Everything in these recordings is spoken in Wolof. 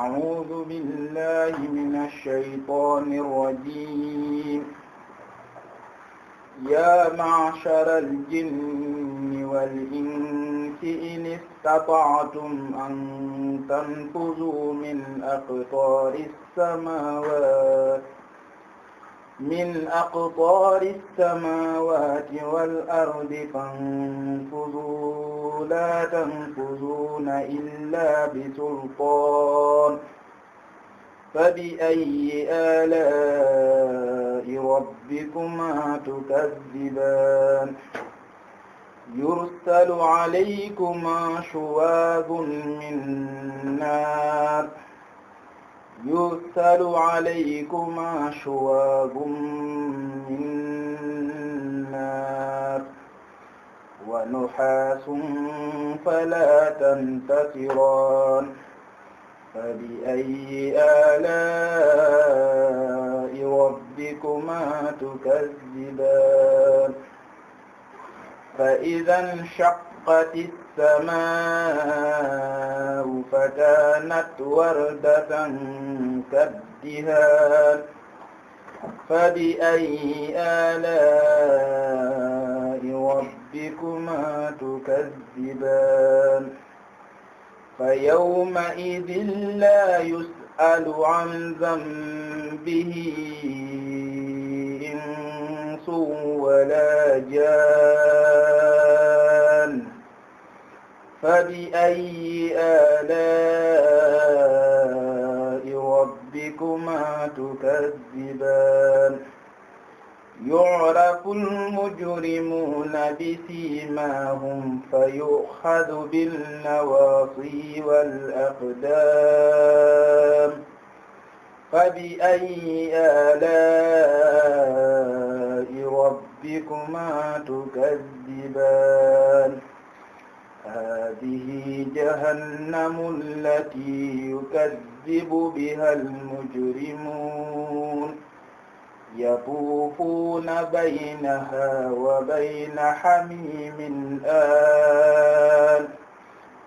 أعوذ بالله من الشيطان الرجيم يا معشر الجن والإنس إن استطعتم أن تنفذوا من أقطار السماوات من أقطار السماوات والأرض فانفذوا لا تنفذون إلا بسلطان فبأي آلاء ربكما تكذبان يرسل عليكما شواظ من نار يرسل عليكما شواب من نار ونحاس فلا تنتصران فبأي آلاء ربكما تكذبان فإذا انشقت السماء فكانت وردة كالدهان فبأي آلاء ربكما تكذبان فيومئذ لا يسأل عن ذنبه إنس ولا جان فبأي آلاء ربكما تكذبان يعرف المجرمون بسيماهم فيؤخذ بالنواصي والأقدام فبأي آلاء ربكما تكذبان هذه جهنم التي يكذب بها المجرمون يطوفون بينها وبين حميم آن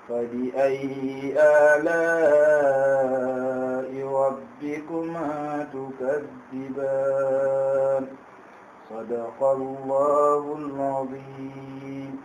فبأي آلاء ربكما تكذبان صدق الله العظيم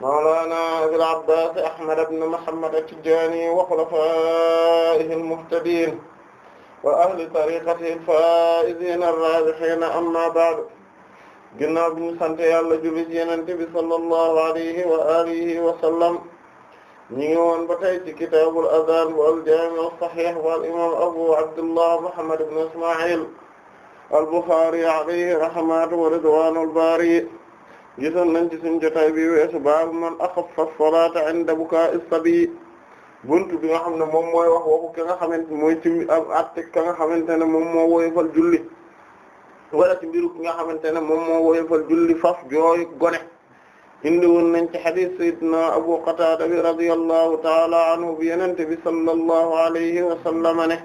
mawlana Abil Abbaas Ahmad ibn Muhammad at-Tijaani wa xulafaa'ihi al-muhtadiin wa ahli tariiqatihi al-faa'iziina ar-raabihiina amma ba'du ginnaaw bi ñu sant yàlla julli ci Yonent bi sallallahu alayhi wa alihi wa sallam ñu ngi woon ba tey ci kitaabul azaan bu al-jaami' as-sahiih bu al-imaam Abu Abdullah Muhammad ibn Ismaa'iil al-Bukhaari alayhi rahmatu wa ridwaanul baari gisoon nañ ci suñu jotaay bi weesu baabu man axaffa as-salaata inda bukaa'i as buntu bi nga xam ne moom mooy wax waxu ki nga xamante mooy ci atte ka nga xamante ne moom moo woyofal julli wala ci mbiru ki nga xamante ne moom moo woyofal julli faf jooy gone indi woon nañ ci hadith sayyidina Abu Qatada bi radiyallahu ta'ala anhu bi yenente bi sallallahu alayhi wa ne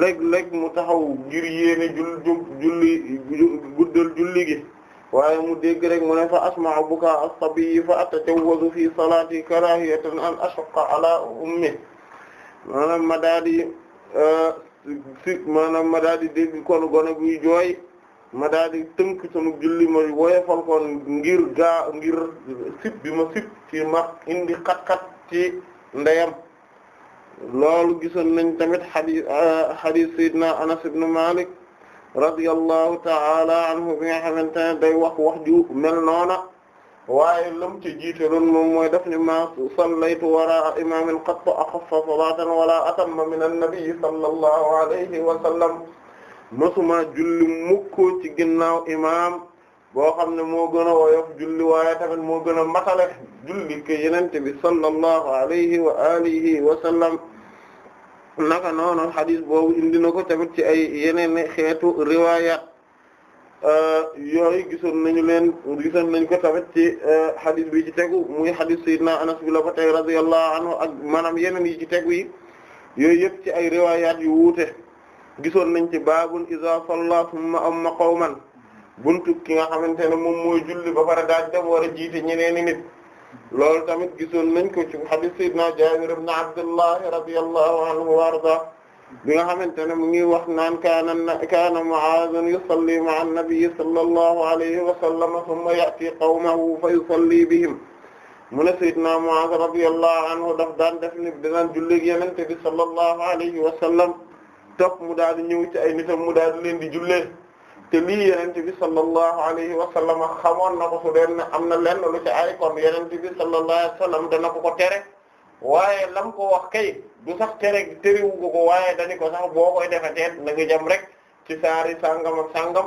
léeg-léeg mu taxaw ngir yéene julli guddal julli gi waaye mu dégg rek mu ne fa asma'u buka as-sabiy fa atajawwazu fi salati karahiyatan an ashqa ala ummi maanaam ma daa di si maanaam ma daa di dégg kon gone guy jooy ma daa di tënk sama julli ma woyofal kon ngir gaa ngir sip bi ma sip ci ma indi xat-xat ci ndeyam loolu gisoon nañ tamit hadith hadith sayyidina Anas ibn Malik radiyallahu ta'ala anhu bi nga xamante ne day wax wax ju mel noona waaye lam ci jiitaloon moom mooy daf ni ma sallaytu waraa imamin qattu axaffa salatan wala atamma min annabii sallallahu alayhi wa sallam masuma julli mukk ci ginnaaw imaam boo xam ne moo gën a woyof julli waaye tamit moo gën a matale julli ke yenente bi sallallahu alayhi wa alihi wa sallam naka noon xadis boobu indi na ko tamit ci ay yeneen xeetu riwayat euh, yooyu gisoon nañu leen gisoon nañ ko tamit ci euh, xadis bi ci tegu muy xadis sayyidina Anas bi la ba tey radiyallahu anhu ak maanaam yeneen yi ci teguy yi yooyu yëpp ci ay riwayat yu wuute gisoon nañ ci baabul iza salla ma amma qawman buntu ki nga xamante ne moom mooy julli ba pare daal dem war a jiite ñeneen nit loolu tamit gisoon nañ ko ci hadith sayyidina Jaabir ibn Abdullah radiyallahu anhu wa arda bi nga xamante ne mu ngi wax naan kaana kaana Mu'aadh yusalli ma'a an-nabiy sallallahu alayhi wa sallam thumma ya'ti qawmahu fa yusalli bihim mu ne sayyidina Mu'aadh radiyallahu anhu daf daan def ni daan julli ak Yonent bi sallallahu alayhi wa sallam topp mu daal di ñëw ci ay nitam mu daal di leen di jullee te lii yenente bi sallallahu alayhi wa sallam xamoon na ko su doon am na lenn lu ci ay kon yenente bi sallallahu alayhi dana ko ko tere waaye lam ko wax kay du sax tere terewu ko ko waaye dañu ko sax boo koy defe teet na nga jëm rek ci saari sàngam ak sàngam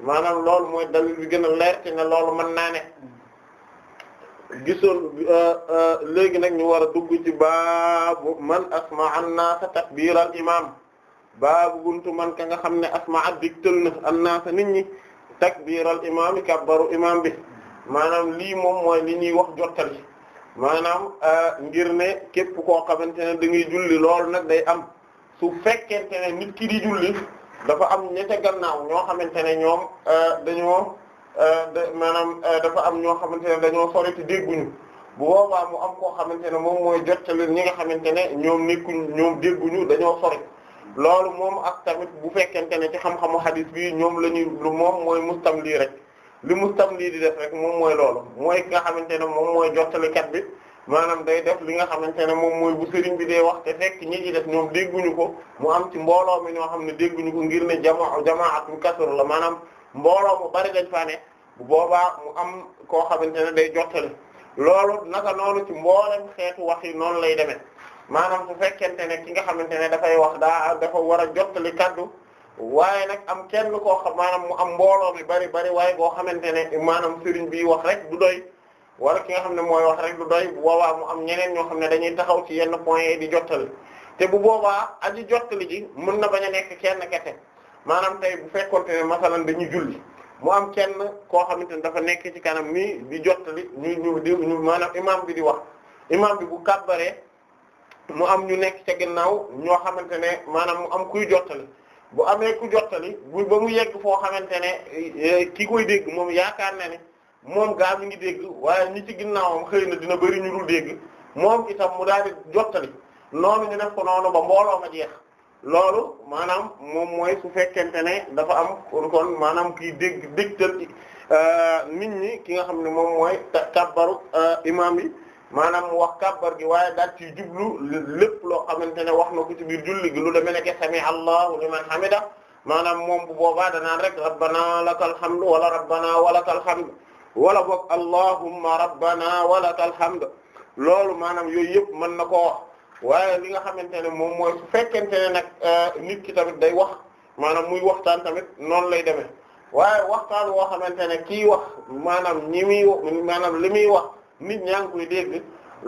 maanaam loolu mooy dalil bi gën a leer ci ne loolu mën naa ne gisoon euh, euh, nag ñu war a dugg ci baabu man asma an naasa takbiral imam baabu buntu man ka nga xam ne asmaa digtal na annaasa nit ñi takbiiral imaam kabbaru imaam bi maanaam lii moom mooy li ñuy wax jottali maanaam euh, ngir ne képp koo xamante ne da ngay julli loolu nag day am su fekkente ne nit ki di julli dafa am ñette gannaaw ñoo xamante ne ñoom euh, dañoo euh, maanaam dafa am ñoo xamante ne dañoo sori te dégguñu bu am koo xamante ne moom mooy jottali ñi nga xamante ne ñoom nekkuñ ñoom dégguñu dañoo sori. loolu moom ak tamit bu fekkente ne ci xam-xamu xadis bi ñoom la ñuy lu moom mooy mustamli rek li mustamli di def rek moom mooy loolu mooy ki nga xamante ne moom mooy jottalikat bi maanaam day def li nga xamante ne moom mooy bu sëriñ bi dee wax te fekk ñi ci def ñoom dégguñu ko mu am ci mbooloo mi ñoo xam ne dégguñu ko ngir ne jamaa jamaatu kasr la maanaam mbooloo mu bari dañ fa ne bu boobaa mu am koo xamante ne day jottali loolu naka noonu ci mboolem xeetu wax yi noonu lay demee. maanaam su fekkente ne ki nga xamante ne dafay wax daa dafa war a jottali kaddu waaye nag am kenn koo xam maanaam mu am mbooloo mi bari bari waaye koo xamante ne maanaam sëriñ bi wax rek du doy wala ki nga xam ne mooy wax rek du doy bu mu am ñeneen ñoo xam ne dañuy taxaw ci yenn point di jottali te bu boobaa aji jottali ji mën na bañ a nekk kenn kese maanaam tey bu fekkoon ne masalan dañuy julli mu am kenn koo xamante ne dafa nekk ci kanam nii di jottali ñu ñu maanaam imaam bi di wax imaam bi bu kàbbaree. mu am ñu nekk ca ginnaaw ñoo xamante ne manaam mu am kuy jottali bu amee ku jottali bu ba mu yegg foo xamante ne eh, eh, kii koy dégg moom yaakaar na ne moom gaa mi ngi dégg waaye ñu ci ginnaawam xëy na dina bari ñu dul dégg moom itam mu daal di jottali noonu ñu def ko noonu ba mbooloo a jeex loolu maanaam moom mooy su fekkente ne dafa am kon maanaam kii dégg dégtal eh, nit ñi ki nga xam ne moom mooy kabbaru imaam yi maanaam mu wax kàbbar gi waaye daal ci jublu lépp loo xamante ne wax na ko biir julli gi lu demee nekk sami allahu liman hamida maanaam moom bu boobaa danaan rek rabbana lakal hamdu wala rabbana walakal hamdu wala boog allahumma rabbana walakal hamdu loolu maanaam yooyu yëpp mën na koo waaye li nga xamante ne moom mooy su fekkente ne nag euh, nit ki tamit day wax maanaam muy waxtaan tamit noonu lay demee waaye waxtaan woo xamante ne kii wax maanaam ñi muy maanaam li muy wax nit ñaa ngi koy dégg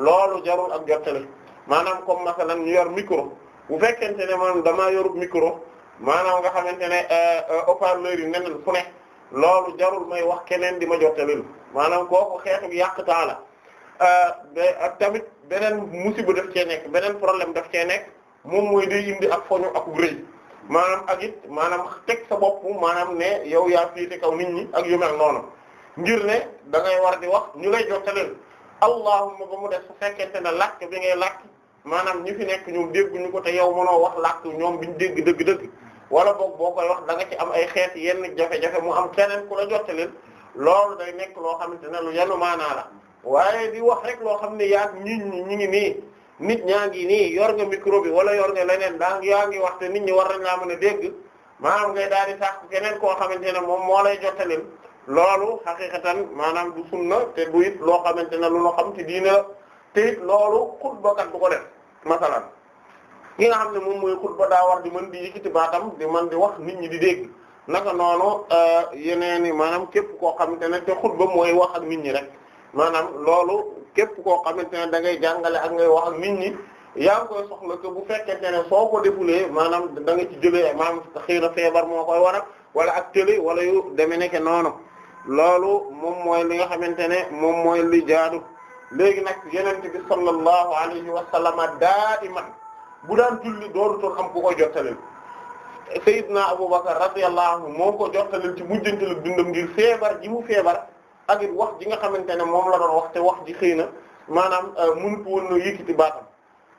loolu jarul ak jottali maanaam kom masalan ñu yor micro bu fekkente ne maanaam damaa yorub micro maanaam nga xamante ne euh, euh, haut-parleur yi neneen fu loolu jarul may wax keneen di ma jottalil maanaam kooku xeetu bi yàq taa la euh, ak tamit beneen musiba def cee nekk beneen problème def cee nekk moom mooy day indi ak foñu ak rëy maanaam ak it maanaam teg sa bopp maanaam ne yow yaa féete kaw nit ñi ak yu mel noonu. ngir ne da ngay war di wax ñu lay jottaleel allahumma ba mu def su fekkente ne làkk bi ngay làkk maanaam ñi fi nekk ñoom dégguñu ko te yow mënoo wax làkk ñoom biñ dégg dégg dëgg wala boog boo koy wax da nga ci am ay xeet yenn jafe-jafe mu am keneen ku la jottaleel loolu day nekk loo xamante ne lu yanu maanaa la waaye di wax rek loo xam ne yaa ngi ñi ñi ngi nii nit ñaa ngi nii yor nga micro bi wala yor nga leneen daa ngi yaa ngi wax te nit ñi war nañ laa mën a dégg maanaam ngay daal di sax keneen koo xamante ne moom moo lay jottaleel loolu xaqiqatan maanaam du sunna te du it loo xamante ne lu xam ci diina la te it loolu xutbakat du ko def masalan ki nga xam ne moom mooy xutba daa war di man di yëkkati baatam di mën di wax nit ñi di dégg naka noonu euh, yeneen i maanaam képp koo xam ne te xutba mooy wax ak nit ñi rek maanaam loolu képp koo xam ne da ngay jàngale ak ngay wax ak nit ñi yaa ngi koy soxla te bu fekkente ne soo ko defulee maanaam da ci jëlee maanaam xëy na feebar moo koy waral wala ak tële wala yu demee nekk noonu. loolu moom mooy li nga xamante ne moom mooy li jaadu léegi nag yenente bi sallallahu alayhi wa sallama daiman bu daan julli dooru toon am ku ko jottaleel Seydina Abubakar radiyallahu anhu moo ko jottaleel ci mujjantalu dundam ngir feebar ji mu feebar ak wax ji nga xamante ne moom la doon wax te wax ji xëy na maanaam euh, mënut woon na baatam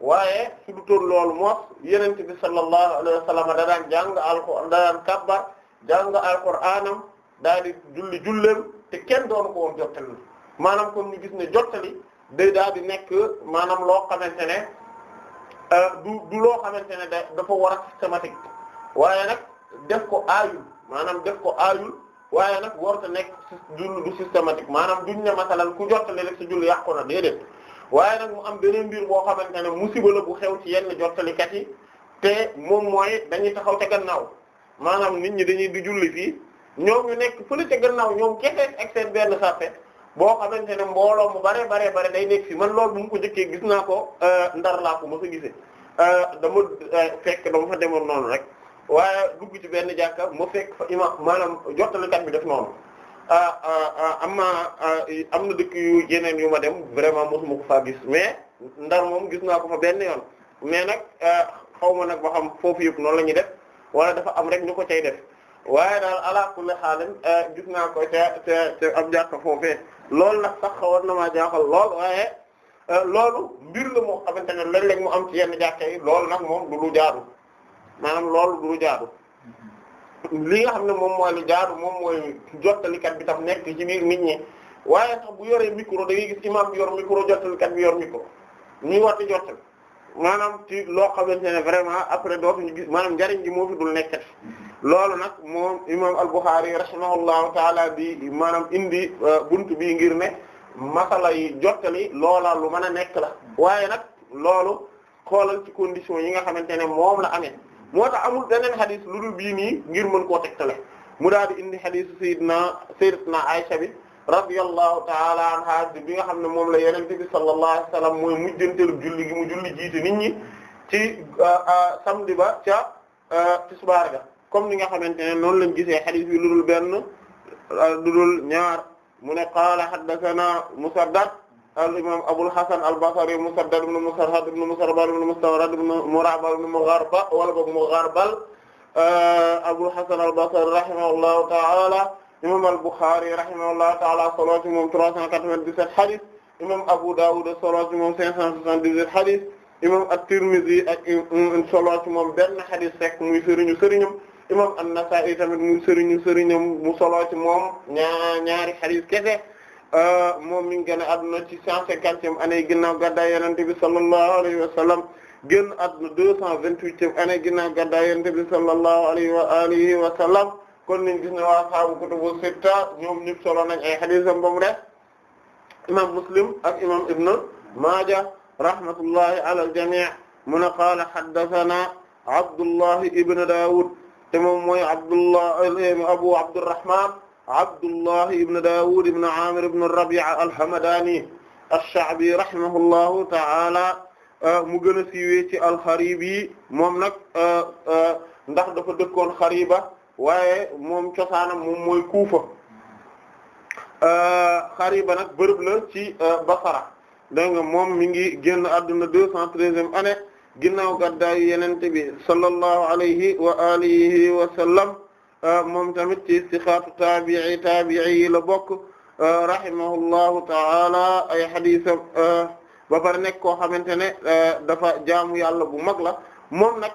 waaye su du toon loolu moos yeneen bi sallallahu alayhi wa sallama da daan jàng alqur da daan kabbar jàng alquraanam daal di julli julleem te kenn doonu ko woon jottali maanaam ko ñu gis ne jottali da daal nekk maanaam loo xamante ne euh, du du loo xamante ne dafa war a waaye nag def ko aayul maanaam def ko aayul waaye nag warut a nekk julli du systématique maanaam duñ ne masalan ku jottali rek sa julli yàqu na déedéet waaye nag mu am beneen mbir boo xamante ne mu musiba la bu xew ci yenn jottalikat yi te moom mooy dañuy taxaw te gannaaw maanaam nit ñi dañuy ñoom ñu nekk fële ca gannaaw ñoom kese ak seen benn sappe boo xamante ne mbooloo mu bare bare bare day nekk fi man loolu bu mu ko jëkkee gis naa ko euh, ndar laa ko ma sa gisee euh, dama euh, fekk dama fa demoon noonu rek waaye dugg ci benn jàkka ma fekk fa maanaam jottalikat bi def noonu ah, ah, ah, am na am na dëkk yu ma dem vraiment mosuma ko faa gis mais ndar moom gis naa ko fa benn yoon mais nag xaw ma nag ba xam foofu yëpp noonu la ñuy def wala dafa am rek ñu ko cay def waaye daal ala kulli xaalin eh, gis naa ko ca ca ca ab jàkka foofee loolu nag sax war na ma jaaxal lool waaye eh, loolu mbir la moo xamante ne léeg-léeg mu am ci yenn jàkka yi nag moom du lu jaadu maanaam lool du lu jaadu li nga xam ne moom mooy li jaadu moom mooy jottalikat bi tam nekk ci biir nit ñi waaye sax bu yoree micro da ngay gis imam yor yor micro jottalikat bi yor micro ñuy war di jottal maanaam ci loo xamante ne vraiment après dootuñu gis maanaam njariñ gi moo fi dul nekkati loolu nag moom imam al-Bukhari rahimahullahu taala bi maanaam indi euh, buntu bi ngir ne masala yi jottali loola lu mën a nekk la waaye nag loolu xoolal ci condition yi nga xamante ne moom la amee moo tax amul beneen xadis lu dul bii nii ngir mën koo tegtale mu daal di indi xadis sayyidina sayyidatuna Aisha bi radiyallahu taala anha bi nga xam ne moom la yenente bi sallallahu alayhi wasallam mooy mujjanteelu julli gi mu julli jiite nit ñi ci euh, euh, samedi ba ca ci subaar ga comme ni nga xamante ne noonu lañ gisee hadith bi lu dul benn euh, lu dul ñaar mu ne qaala haddathana Musaddad al imam Abul Hasan al Basri Musaddad ibn Musarhad ibn Musarbal ibn Mustawrad ibn Murabal ibn Mugharbal wala boog Mugharbal euh, Abul Hasan al Basri rahimahullahu ta'ala imam al Bukhari rahimahullahu ta'ala solo ci moom 397 hadith imam Abu Dawud solo ci moom 578 hadith imam at-Tirmidhi ak euh, solo ci moom benn hadith rek muy sëriñu sëriñam imam an-Nasa'i tamit muy sëriñu sëriñam mu moom ñaa ñaari xadis kese euh, moom mi ngi gën a adduna ci cent cinquantième année ginnaaw gàddaay yonent bi sallallahu alayhi wa sallam génn adduna deux cent vingt-huitième année ginnaaw gàddaay yonent bi sallallahu kon niñ gis ne waa saabu kutubu sitta ñoom ñëpp solo nañ ay xadisam ba imam Muslim ak imam Ibn Maaja rahmatullahi ala al-jami' qaala haddathana Abdullahi ibn Dawud te moom mooy Abdullah Abu Abdurrahman Abdullah ibn Dawud ibn Amir ibn Rabi'a al-Hamadani ash-Sha'bi rahimahullahu ta'ala mu gën a siiwee ci al-Kharibi moom nag ndax dafa dëkkoon Khariba waaye moom cosaanam moom mooy Kufa Khariba nag bërëb la ci Basra dégg nga moom mi ngi génn àdduna deux cent treizième année ginnaaw gàddaayu yenente bi sallallahu alayhi wa alihi wa sallam moom tamit ci sixaatu taabi'i taabi'i la bokk rahimahullahu ta'ala ay xadiisam ba nekk koo xamante ne dafa jaamu yàlla bu mag la moom nag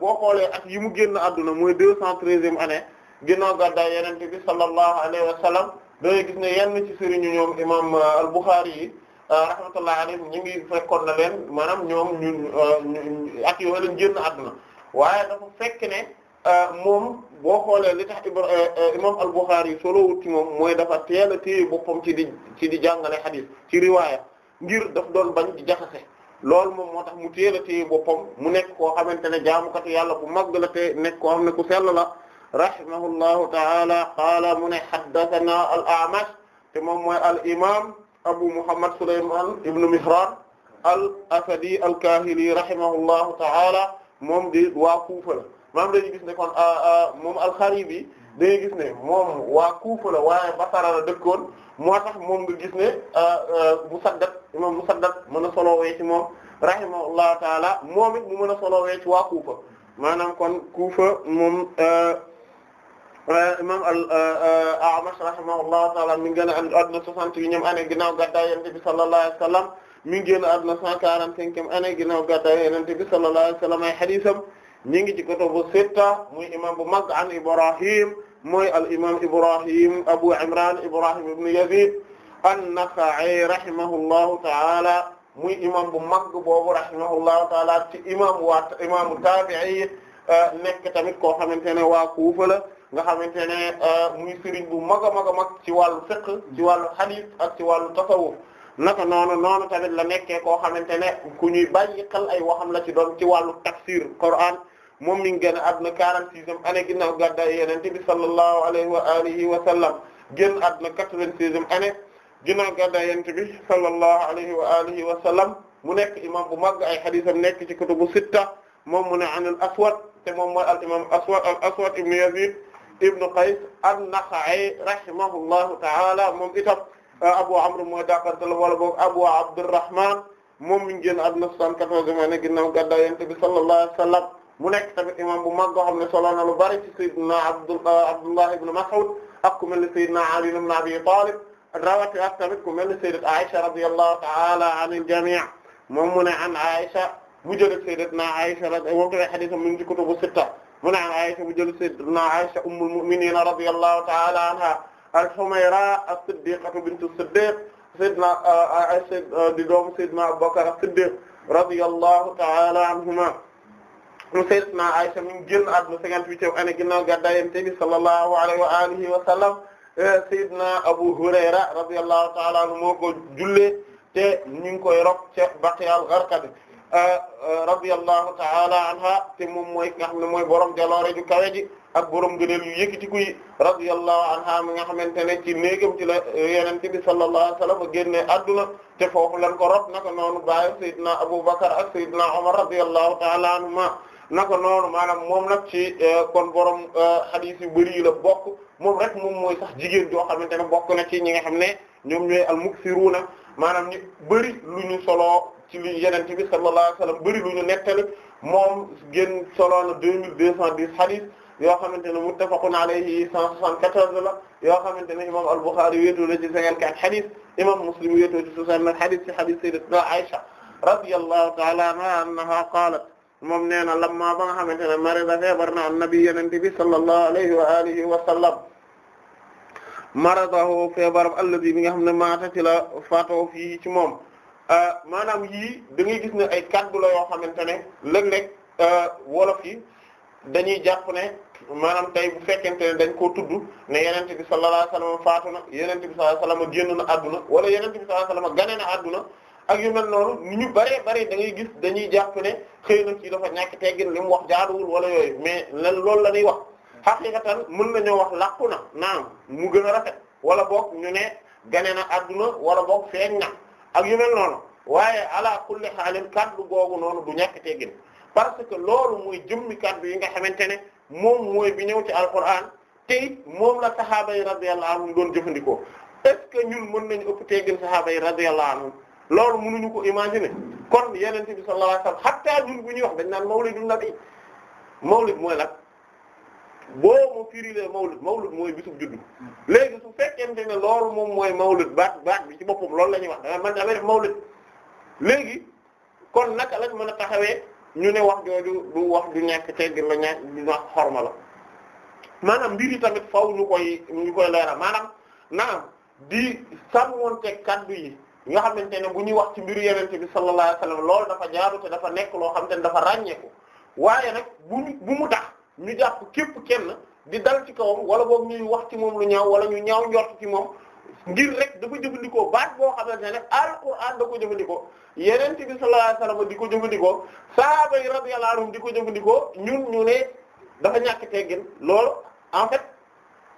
boo xoolee ak yi mu génn adduna mooy deux cent treizième année ginnaaw gàddaay yeneen bi sallallahu alayhi wa sallam dangay gis ne yenn ci sëriñu ñoom imam al-Bukhari yi Euh, rahmatullahi alayhim ñu ngi fekkoon na leen maanaam ñoom ñun euh, at yoo leen génn àdduna waaye dafa fekk ne euh, moom boo xoolee li tax imam al-Bukhari yi solo moom mooy dafa teel a téye boppam ci di ci di jàngale hadith ci riwaaya ngir daf doon bañ di jaxase loolu moom moo tax mu teel a téye boppam mu nekk koo xamante ne jaamukatu yàlla bu màgg la te nekk koo xam ne ku sell la ta'ala qaala mu ne haddathana al te moom mooy al imam Abu Muhammad Sulaymaan ibn Mihraan al-Asadi al-Kaahili rahimahullahu ta'ala moom di waa Kuufa la maam dañuy gis ne kon moom al-Xaribi dañuy gis ne moom waa Kuufa la waaye Basra la dëkkoon moo tax moom nga gis ne Musaddad imam Musaddad mën a solowee ci moom rahimahullahu ta'ala moom it mu mën a solowee ci waa Kuufa maanaam kon Kuufa moom Euh, imam al-A'mash euh, euh, rahimahullahu ta'ala mi ngi génn àdduna soixante yi ñoom année ginnaaw gàddaay Yonent bi sallallahu alayhi wa sallam mi ngi génn àdduna cent quarante-cinquième année ginnaaw gàddaay Yonent bi sallallahu alayhi wa sallam ay hadiisam ñi ngi ci kutubu sitta muy imam bu mag an Ibrahim mooy al imam Ibrahim Abu Imran Ibrahim ibn Yazid an-Nakha'i rahimahullahu ta'ala muy imam bu mag boobu rahimahullahu ta'ala ci imam waa imamu taabi'i nekk tamit koo xamante ne waa Kufa la nga xamante ne euh, muy sëriñ bu mag a mag a mag ci wàllu fiqh ci wàllu hadith ak ci wàllu tasawuf naka noonu noonu tamit la nekkee koo xamante ne ku ñuy bàyyi xel ay waxam la ci doon ci wàllu tafsir Qur'an moom mi ngi génn àdduna 46e année ginnaaw gàddaay Yonent bi sallallahu alayhi wa alihi wa sallam génn àdduna 96e année ginnaaw gàddaay Yonent bi sallallahu alayhi wa alihi wa sallam mu nekk imam bu mag ay haditham nekk ci kutubu sitta moom mu ne an al Aswad te moom mooy al imam Aswad al Aswad ibn Yazid ibnu Qays an-Nakha'i rahimahullahu ta'ala moom itam euh, Abu Amr mooy dàqante la wala boog Abu Abdurrahman moom mi ngi génn àdduna 74 ma ne ginnaaw gàddaay Yonent bi sallallahu alayhi wa sallam mu nekk tamit imam bu mag boo xam ne solo na lu bari ci Sayyidina euh, Abdullah ibn Mas'ud ak ku mel ne Sayyidina Ali ibn Abi Talib rawati ak tamit ku mel ne Sayyidati Aisha radiyallahu ta'ala anil jami' moom mu ne an Aisha mu jël Sayyidatuna Aisha radiyallahu anha xadiis mu ngi ci kutubu sitta mu ne an Aisha mu jël sayyidina Aisha ummul mu'minin radiyallahu ta'ala anha al-Humayra as-Siddiqatu bintu Siddiq sayyidina uh, Aisha uh, di doomu sayyidina Abubakar as-Siddiq radiyallahu ta'ala anhuma mu sayyidina Aisha mi ngi génn àdduna cinquante-huitième année ginnaaw gàddaay Yonent bi sallallahu alayhi wa alihi wa sallam eh, sayyidina Abu Hurayra radiyallahu ta'ala anhu moo ko jullee te ñu ngi koy rok ca Baqiya al-Gharqad radiyallahu ta'ala anha te moom mooy nga xam ne mooy borom jaloore ju kawe ji ak borom gëneel yu yëkkatiku yi radiyallahu anha mi nga xamante ne ci néegam ci la eh, yonent bi sallallahu alayhi wa sallam génne adduna te foofu lan ko rot naka noonu baayu Seydina Abubakar ak Seydina Umar radiyallahu ta'ala anhuma naka noonu maanaam moom nag ci eh, kon borom hadith eh, yu bëri la bokk moom rek moom mooy sax jigéen joo xamante ne bokk na ci ñi nga xam ne ñoom ñooy al muksiruna maanaam ñu ci li yenente bi sallallahu alayhi wasallam bëri lu ñu nettali moom génn solo na deux mille deux cent dix hadith yoo xamante ne muttafaqun alayhi cent soixante-quatorze la yoo xamante ne imam al-Bukhari wéetoo na ci cinquante-quatre hadith imam Muslim wéetoo ci soixante-neuf hadith ci hadith sayyidatuna Aisha radiyallahu ta'ala anha annaha qalat moom nee na lamma ba nga xamante ne marida feebar na annabi yenente bi sallallahu alayhi wa alihi wa sallam maradahu feebaram alladhi bi nga xam ne maata ci la faatoo fii ci moom Euh, maanaam yii dangay gis ne ay kaddu la yoo xamante ne léeg-léeg euh, wolof yi dañuy jàpp ne maanaam tey bu fekkente ne dañ koo tudd ne yonent bi sallallahu alayhi wasallam faatu na yeneen bi sallallahu alayhi wasallam génn na àdduna wala yonent bi sallallahu alayhi wasallam gane na àdduna ak yu mel noonu ñu bëree bëri da ngay gis dañuy jàpp ne xëy na ci dafa ñàkk teggin li mu wax jaaduwul wala yooyu mais lan loolu la ñuy wax xaqiqatan mën na nañoo wax làqu na naam mu gën a rafet wala boog ñu ne gane na àdduna wala boog feeñ na ak yu noonu waaye ala kulli xaalin kaddu googu noonu du ñàkk teggin parce que loolu mooy jëmmi kaddu yi nga xamante ne moom mooy bi ñëw ci alquran te it moom la sahaaba yi radiyallahu anhum doon jëfandikoo est que ñun mën nañu ëpp teggin sahaaba yi radiyallahu anhum loolu ñu ko imaginer kon yenente bi sallallahu alayhi wasallam hatta ñun bu ñuy wax dañ naan mawlidun nabi mawlid mooy nag boo mu firilee mawlud mawlud mooy bisub juddu léegi su fekkente ne loolu moom mooy mawlud baat baat bi ci boppam loolu lañuy wax danga man damay def mawlud léegi kon naka lañ mën a taxawee ñu ne wax jooju du wax du ñàkk teggin la ñàkk du ñàkk xorma la maanaam mbir yi tamit faw ñu koy ñu koy maanaam naam di sàmmonte kaddu yi nga xamante ne bu ñuy wax ci mbiru yenente bi sallallahu alayhi wasallam lool dafa jaaru te dafa nekk loo xamante ne dafa ràññeeku waaye nag bu mu tax ñu jàpp képp kenn di dal ci kawam wala boog ñuy wax ci moom lu ñaaw wala ñu ñaaw njort ci moom ngir rek dafa jëfandikoo baat boo xamante ne alquran da ko jëfandikoo yeneen bi sallallahu alayhi wasallam di ko jëfandikoo sahaaba yi radiyallahu anhum di ko jëfandikoo ñun ñu ne dafa ñàkk teggin loolu en fait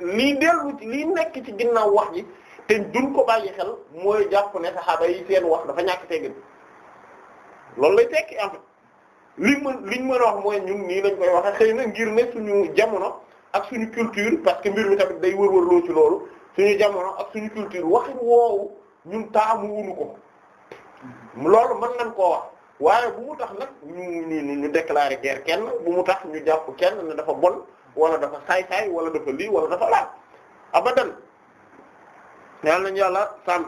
lii dellu ci nekk ci ginnaaw wax ji te duñ ko bàyyi xel mooy jàpp ne sahaaba yi seen wax dafa ñàkk teggin loolu lay tekki en li mën liñ mën a wax mooy ñun nii lañ koy waxe xëy na ngir ne suñu jamono ak suñu culture parce que mbir mi tamit day wërwërloo ci loolu suñu jamono ak suñu culture waxin woowu ñun taamu wuñu ko loolu man nañ koo wax waaye bu mu tax nag ñu ñu ñu déclarer guerre kenn bu mu tax ñu jàpp kenn ne dafa bon wala dafa saay-saay wala dafa lii wala dafa laal abadan yàlla nañu yàlla sàmm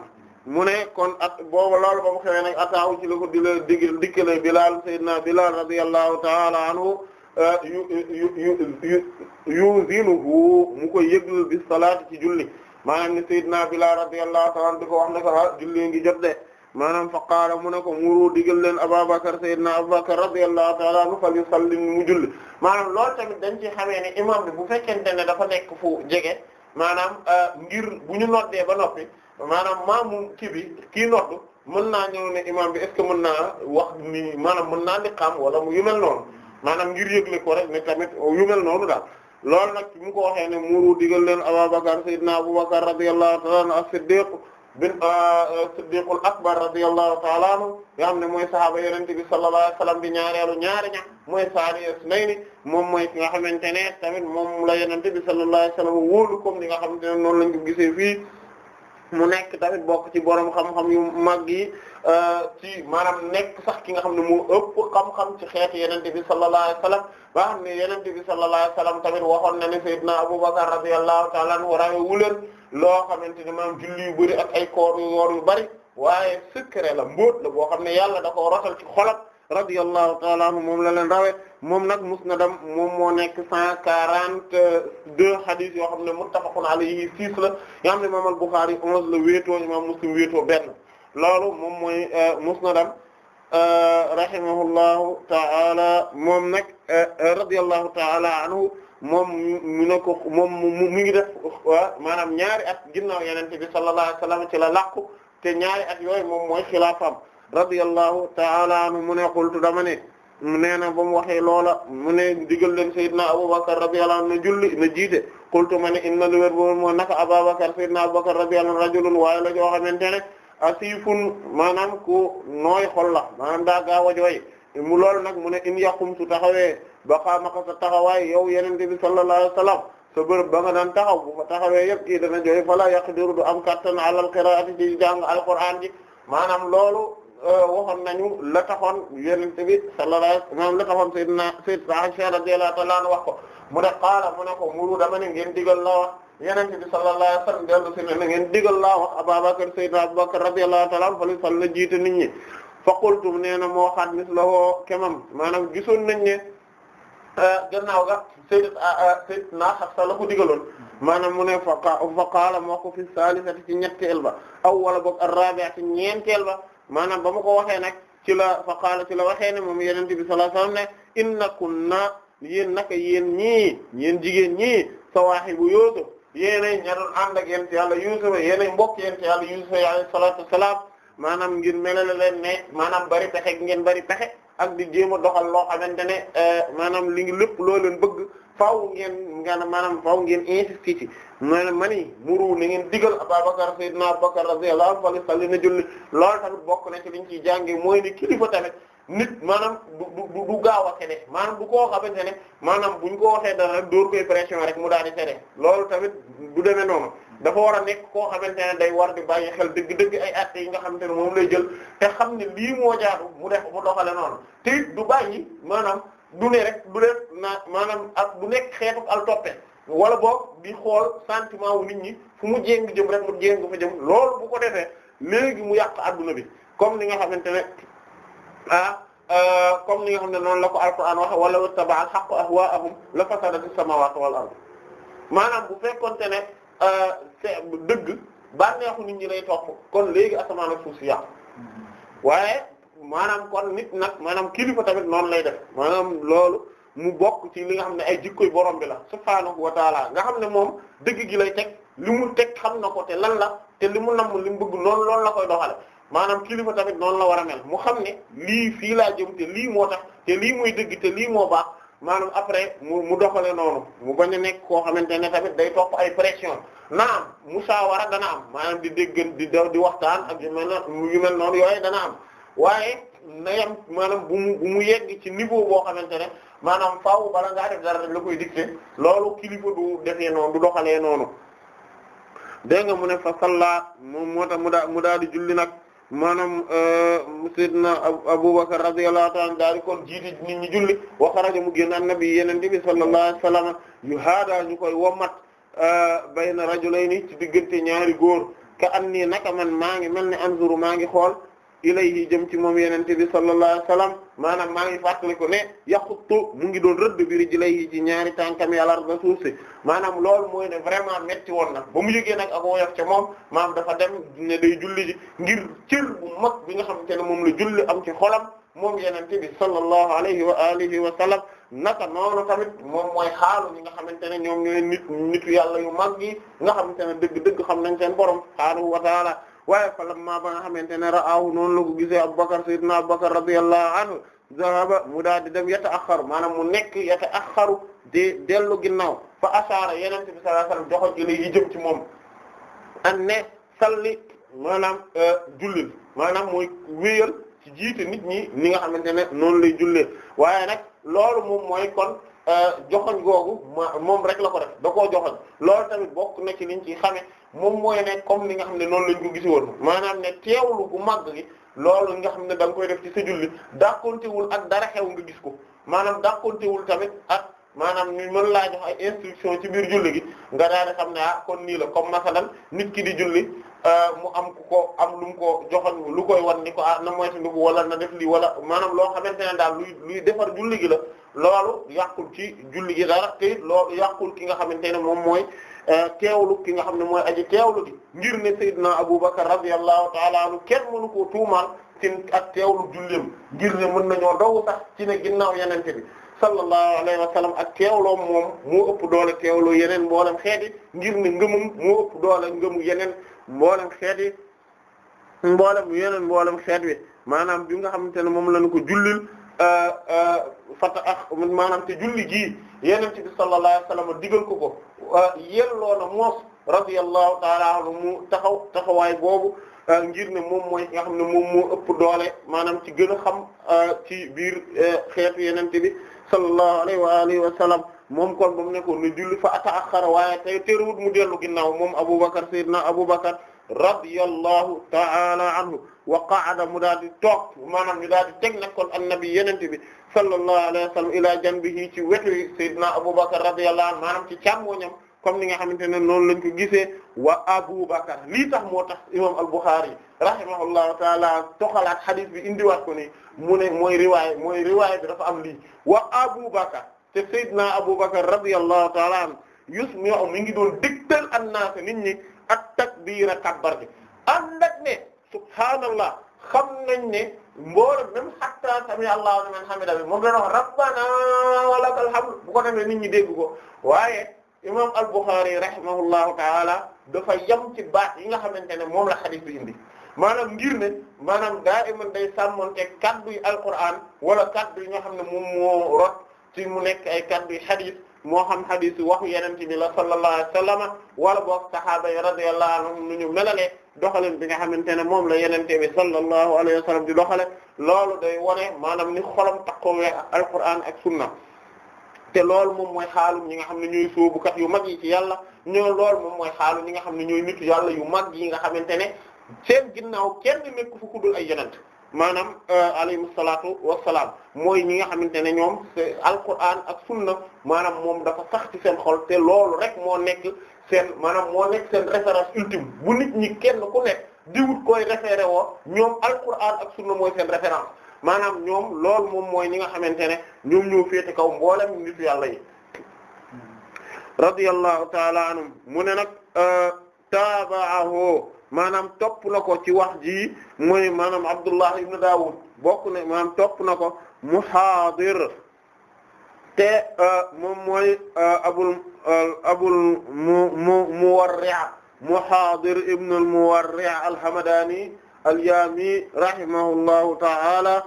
mu ne kon at boobu loolu ba mu xewee nag ci la ko di la diggal dikkale Bilal Seydina Bilal radiyallahu ta'ala anhu eh, yu yu yu yuzinuhu mu koy yëgal bi salaati ci julli maanaam ne Seydina Bilal radiyallahu ta'ala anhu di ko wax ne ko ah julli ngi jot de maanaam fa qaala mu ne ko muru digal leen Abubakar Seydina Abubakar radiyallahu ta'ala anhu fal yusallim mu julli maanaam lool tamit dañ ci xamee ne imam bi bu fekkente ne dafa nekk fu jege maanaam eh, ngir bu ñu noddee ba noppi. maanaam maamu kii bi kii noddu mën naa ñëw ne imam bi est ce que mën naa wax ni maanaam mën naa liqaam wala mu yu mel noonu maanaam ngir yëgle ko rek ne tamit yu mel noonu daal loolu nag bi mu ko waxee ne muru digal leen Abubakar sayyidina Abubakar radiyallahu ta'ala anhu as-Siddiq bin ah, Siddiqul akbar radiyallahu ta'ala anhu nga xam ne mooy sahaaba yonent bi sallallahu alayhi wasallam bi ñaareelu ñaari ña mooy saani isnayni moom mooy ki nga xamante ne tamit moom la yonent bi sallallahu alayhi wasallam wóolu comme ni nga xamante ne noonu lañ ko gisee fii mu nekk tamit bokk ci borom xam-xam yu mag yi euh, ci maanaam nekk sax ki nga xam ne mu ëpp xam-xam ci xeetu yenente bi sallallahu alayhi wasallam ba xam ne yenente bi sallallahu alayhi wasallam tamit waxoon na ne sayyidna Abu Bakar radiyallahu ta'ala anhu rawe wuleen loo xamante ne ma julli yu bëri ay koor yu woor yu bëri waaye secret la mbóot la boo xam ne yàlla da ko rotal ci xolam radiyallahu taala anhu moom la leen rawe moom nag musnadam moom moo nekk cent quarante deux hadith yoo xam ne muttafaqun alayhi six la yoo xam ne imam al-Bukhari onze la wéetoo imam Muslim wéetoo benn loolu moom mooy euh, musnadam euh, rahimahullahu taala moom nag euh, radiyallahu taala anhu moom mu ne ko moom mu ngi def maanaam ñaari at ginnaaw Yonent bi sallallahu alayhi wasallam ci la làqu te ñaari at yooyu moom mooy xilaafam radiyallahu ta'ala anhu mu ne qultu dama ne mu nee na ba mu waxee loola mu ne digal leen Seydina Abubakar radiyallahu anhu na julli na jiite qultu ma ne inna liwér bo moo naka Abubakar Seydina Abubakar radiyallahu anhu rajulun waaye la joo xamante a asifun maanaam ku nooy xol la da daa gaaw a jooy mu loolu nag mu ne in yaqum su taxawee ba xaamaka sa taxawaay yow yenente bi sallallahu alayhi wa sallam sa bërëb ba nga daan taxaw bu fa taxawee yëpp kii dana jooy fala yaqdiru du am kattan alal qiraati di maanaam loolu Euh, waxoon nañu la taxoon yonent bi sallallahu alayhi wasallam la taxoon sayyidina sayyidina Aisha radiyallahu ta'ala anha wax ko mu ne qaala mu ne ko muru dama ne ngeen digal laa wax yonent bi sallallahu alayhi wasallam dellu si ne ngeen digal laa wax Abubakar sayyidina Abubakar radiyallahu ta'ala anhu fa li sal la jiite nit ñi fa qultum nee na moo xaat mislahoo kemam maanaam gisoon nañ ne euh, gannaaw ga sayyidina euh, sayyidina Hafsa la ko digaloon maanaam mu ne fa qaala moo ko fi saalisati ci ñetteel ba aw wala boog ar-rabi'ati ñeenteel ba maanaam ba ma ko waxee nag ci la fa qaala ci la waxee ne moom yenente bi sallallahu alayhi wasallam ne inna kunna yéen naka yéen ñii yéen jigéen ñii sawaahibu Yuusuf yéenay ña doon ànd ak yent yàlla Yuusuf yéenay mbokk yent yàlla Yuusuf alayhi salaatu wassalaam maanaam ngir melale leen ne maanaam bari pexe ngeen bari pexe ak di jéem a doxal loo xamante ne eh, maanaam li ngi lépp loo leen bëgg faaw ngeen nga maanaam faaw ngeen insister ci maanaam mu muru na ngeen digal Abubakar sayyidina Abubakar radiyallahu anhu fali salli na julli loolu tamit bokk na ci ñu ciy jànge mooy ni kilifa tamit nit maanaam du du du gaaw a sede maanaam du koo xamante ne bu ñu ko waxee dara dóor koy pression rek mu daal di sede loolu tamit du demee noonu dafa war a nekk ko xamante ne day war di bàyyi xel dëgg-dëgg ay atte yi nga xamante ne moom lay jël te xam ne lii moo jaaru mu def mu doxale noonu te it du bàyyi maanaam du ne rek du def naa maanaam ak du nekk xeetu al toppe wala boog bi xool sentiment wu nit ñi fu mu jéng jëm rek mu jéng fa jëm loolu bu ko defee léegi mu yàq adduna bi comme ni nga xamante ne ah euh, comme ni nga xam ne noonu la ko alquran wax wala wattaba'a al-haqqu ahwaa'ahum la fasadati sama samaawaatu wal ard maanaam bu fekkonte ne euh, dëgg bànneexu nit ñi lay topp kon léegi asamaan ak suuf si yàqu mm-hmm. waaye maanaam kon nit nag maanaam kilifa tamit noonu lay def maanaam loolu mu bokk ci li nga xam ne ay jikkoy borom bi la subhaanahu wa taala nga xam ne moom dëgg gi lay teg li mu teg xam na ko te lan la te li mu namm li mu bëgg noonu loolu la koy doxale maanaam kilifa tamit noonu la war a mel mu xam ne lii fii laa jëm te lii moo tax te lii mooy dëgg te lii moo baax maanaam après mu mu doxale noonu mu bañ a nekk koo xamante ne tamit day topp ay pression na am musaawara dana am maanaam di dégg di di waxtaan ak yu mel noonu yooyu dana am waaye na yem maanaam bu mu yegg ci niveau boo xamante ne maanaam faaw bala ngaa def dara la koy dicté loolu kilifa du defee noonu du nga mu ne fa salla moom moo tax mu daa mu daal di julli nag maanaam euh, sayyidina Abubakar radiyallahu ta'ala daal di kon jiiti nit ñu julli wa xaraja mu génn annabi yeneen bi sallallahu alayhi wasallam yu haada ñu koy womat euh, bayna rajulayni ci diggante ñaari góor ka anni naka man maa ngi mel ne anzuru maa ngi xool ilayhi jëm ci moom yenente bi sallallahu alayhi wasallam maanaam maa ngi fàttali ko ne yaxuttu mu ngi doon rëdd bi rijlayhi ji ñaari tànkam yi alar na suuf si maanaam loolu mooy ne vraiment metti woon na ba mu yëgee nag ak woyof ca moom maam dafa dem ne day julli ji ngir cër bu mag bi nga xamante ne moom la julli am ci xolam moom yenente bi sallallahu alayhi wa alihi wa sallam naka noonu tamit moom mooy xaalu ñi nga xamante ne ñoom ñooy nit nitu yàlla yu mag yi nga xamante ne dëgg-dëgg xam nañ seen borom subhaanahu waaye falamma ba nga xamante ne ra'ahu noon la ko gisee Abubakar sayyidina Abubakar radiyallahu anhu zahaba mu daal di dem yata'akhkharu maanaam mu nekk yata'akhkharu de dellu ginnaaw fa ashaara Yonent bi sallallahu alayhi wasallam joxoon ilayhi jëm ci moom an ne salli maanaam euh, jullil maanaam mooy wéyal ci jiite nit ñi ni nga xamante ne noonu lay jullee waaye nag loolu moom mooy kon Euh, joxoñ googu moom rek la ko def da koo joxoñ lool tamit bokk na ci liñ ci xame moom mooy ne comme li nga xam ne noonu lañ ko gisi woon maanaam ne teewlu bu màgg gi loolu nga xam ne da nga koy def ci sa julli dàqontewul ak dara xew nga gis ko maanaam dàqontewul tamit ak maanaam ñu mën laa jox ay instruction ci biir julli gi nga daal di ne ah kon nii la comme masalan nit ki di julli euh, mu am ku ko am lu mu ko joxoon lu koy wan ni ko a ah, na moytu ndugu wala na def lii wala maanaam loo xamante ne daal luy luy defar julli gi la loolu yàqul ci julli gi dara te yàqul ki nga xamante ne moom mooy euh, teewlu ki nga xam ne mooy aji teewlu gi ngir ne Seydina Abubakar radiyallahu ta'ala anhu kenn mënu koo tuumaal ci ak teewlu jullim ngir ne mën nañoo dogu sax ci ne ginnaaw yenente bi sallallahu alayhi wa sallam ak teewloom moom moo ëpp doole teewloo yeneen mboolem xeeti ngir ne ngëmum mu ëpp doole ngëmu yeneen mboolem xeeti mboolem yenen mboolem xeet wi maanaam bi nga xamante ne moom lañu ko jullil euh, euh, fata maanaam te julli gii yeneen ci bi sallallahu alayhi ko ko euh, yelloona moos radiyallahu ta'ala anhu mu taxaw taxawaay boobu ngir ne moom mooy nga xam ne moom moo ëpp doole maanaam ci gën xam ci biir xeetu yenente bi sallallahu alayhi wa alihi wa sallam moom kon ba mu nekkoon ne julli fa ataaxara waaye tey teeruwut mu dellu ginnaaw moom Aboubacar Seydina Aboubacar radiyallahu ta'ala anhu wa qa'ada mu daal di toog maanaam ñu daal di teg nag kon annabi yenente bi sallallahu alayhi wa sallam ila janbihi ci wetu Seydina Aboubacar radiyallahu anhu maanaam ci càmmoñam comme ni nga xamante ne noonu lañ ko gisee wa Aboubacar lii tax moo tax imam al-Bukhari rahimahullahu taala toxalaat hadith bi indiwaat ko ni mu ne mooy riwaay mooy riwaay bi dafa am lii wa Abubakar te Seydina Abubakar radiyallahu taala an yusmi'u mi ngi doon digtal annaas nit ñi ak takbiira kabbar bi am nag ne subhaanallah xam nañ ne mboolem même hatta sami Allahu liman hamida bi moom dana wax rabbana wa lakal hamd bu ko defee nit ñi dégg ko waaye imam al-Bukhari rahimahullahu taala dafa yam ci baat yi nga xamante ne moom la hadith bi indi. maanaam ngir ne maanaam daa iman day sàmmonte kaddu yi alquran wala kaddu yi nga xam ne moom moo rot ci mu nekk ay kaddu yi moo xam xadis yi waxu yenente bi la sallallahu alayhi wasallam wala boog sahaaba yi radiyallahu anhum nu ñu melalee doxalin bi nga xamante ne moom la yenen yenente bi sallallahu alayhi wasallam di doxale loolu day wone maanaam ni xolam takkoowee alquran ak sunna te loolu moom mooy xaalum ñi nga xam ne ñooy sóobukat yu mag yi ci yàlla ñoo loolu moom mooy xaalum ñi nga xam ne ñooy nitu yu mag yi nga xamante ne seen ginnaaw kenn nekk fu ku ay yonent maanaam euh, alayhi salaatu wassalaam mooy ñi nga xamante ne ñoom c'est alquran ak sunna maanaam moom dafa sax seen xol te loolu rek moo nekk seen maanaam moo nekk seen référence ultime bu nit ñi kenn ku nekk di wut koy référé woo ñoom alquran ak sunna mooy seen référence maanaam ñoom lool moom mooy ñi nga xamante ne ñoom ñoo féete kaw mboolem nitu yàlla yi radiyallahu ta'ala anhum mu ne nag euh, maanaam topp na ko ci wax ji mooy maanaam Abdullah ibn Dawud bokk na maanaam topp na ko muhaadir te euh, moom mooy euh, abul euh, abul mu mu Muwarri' muhaadir ibn al-Muwarri' al-Hamadani al-Yami rahimahullahu ta'ala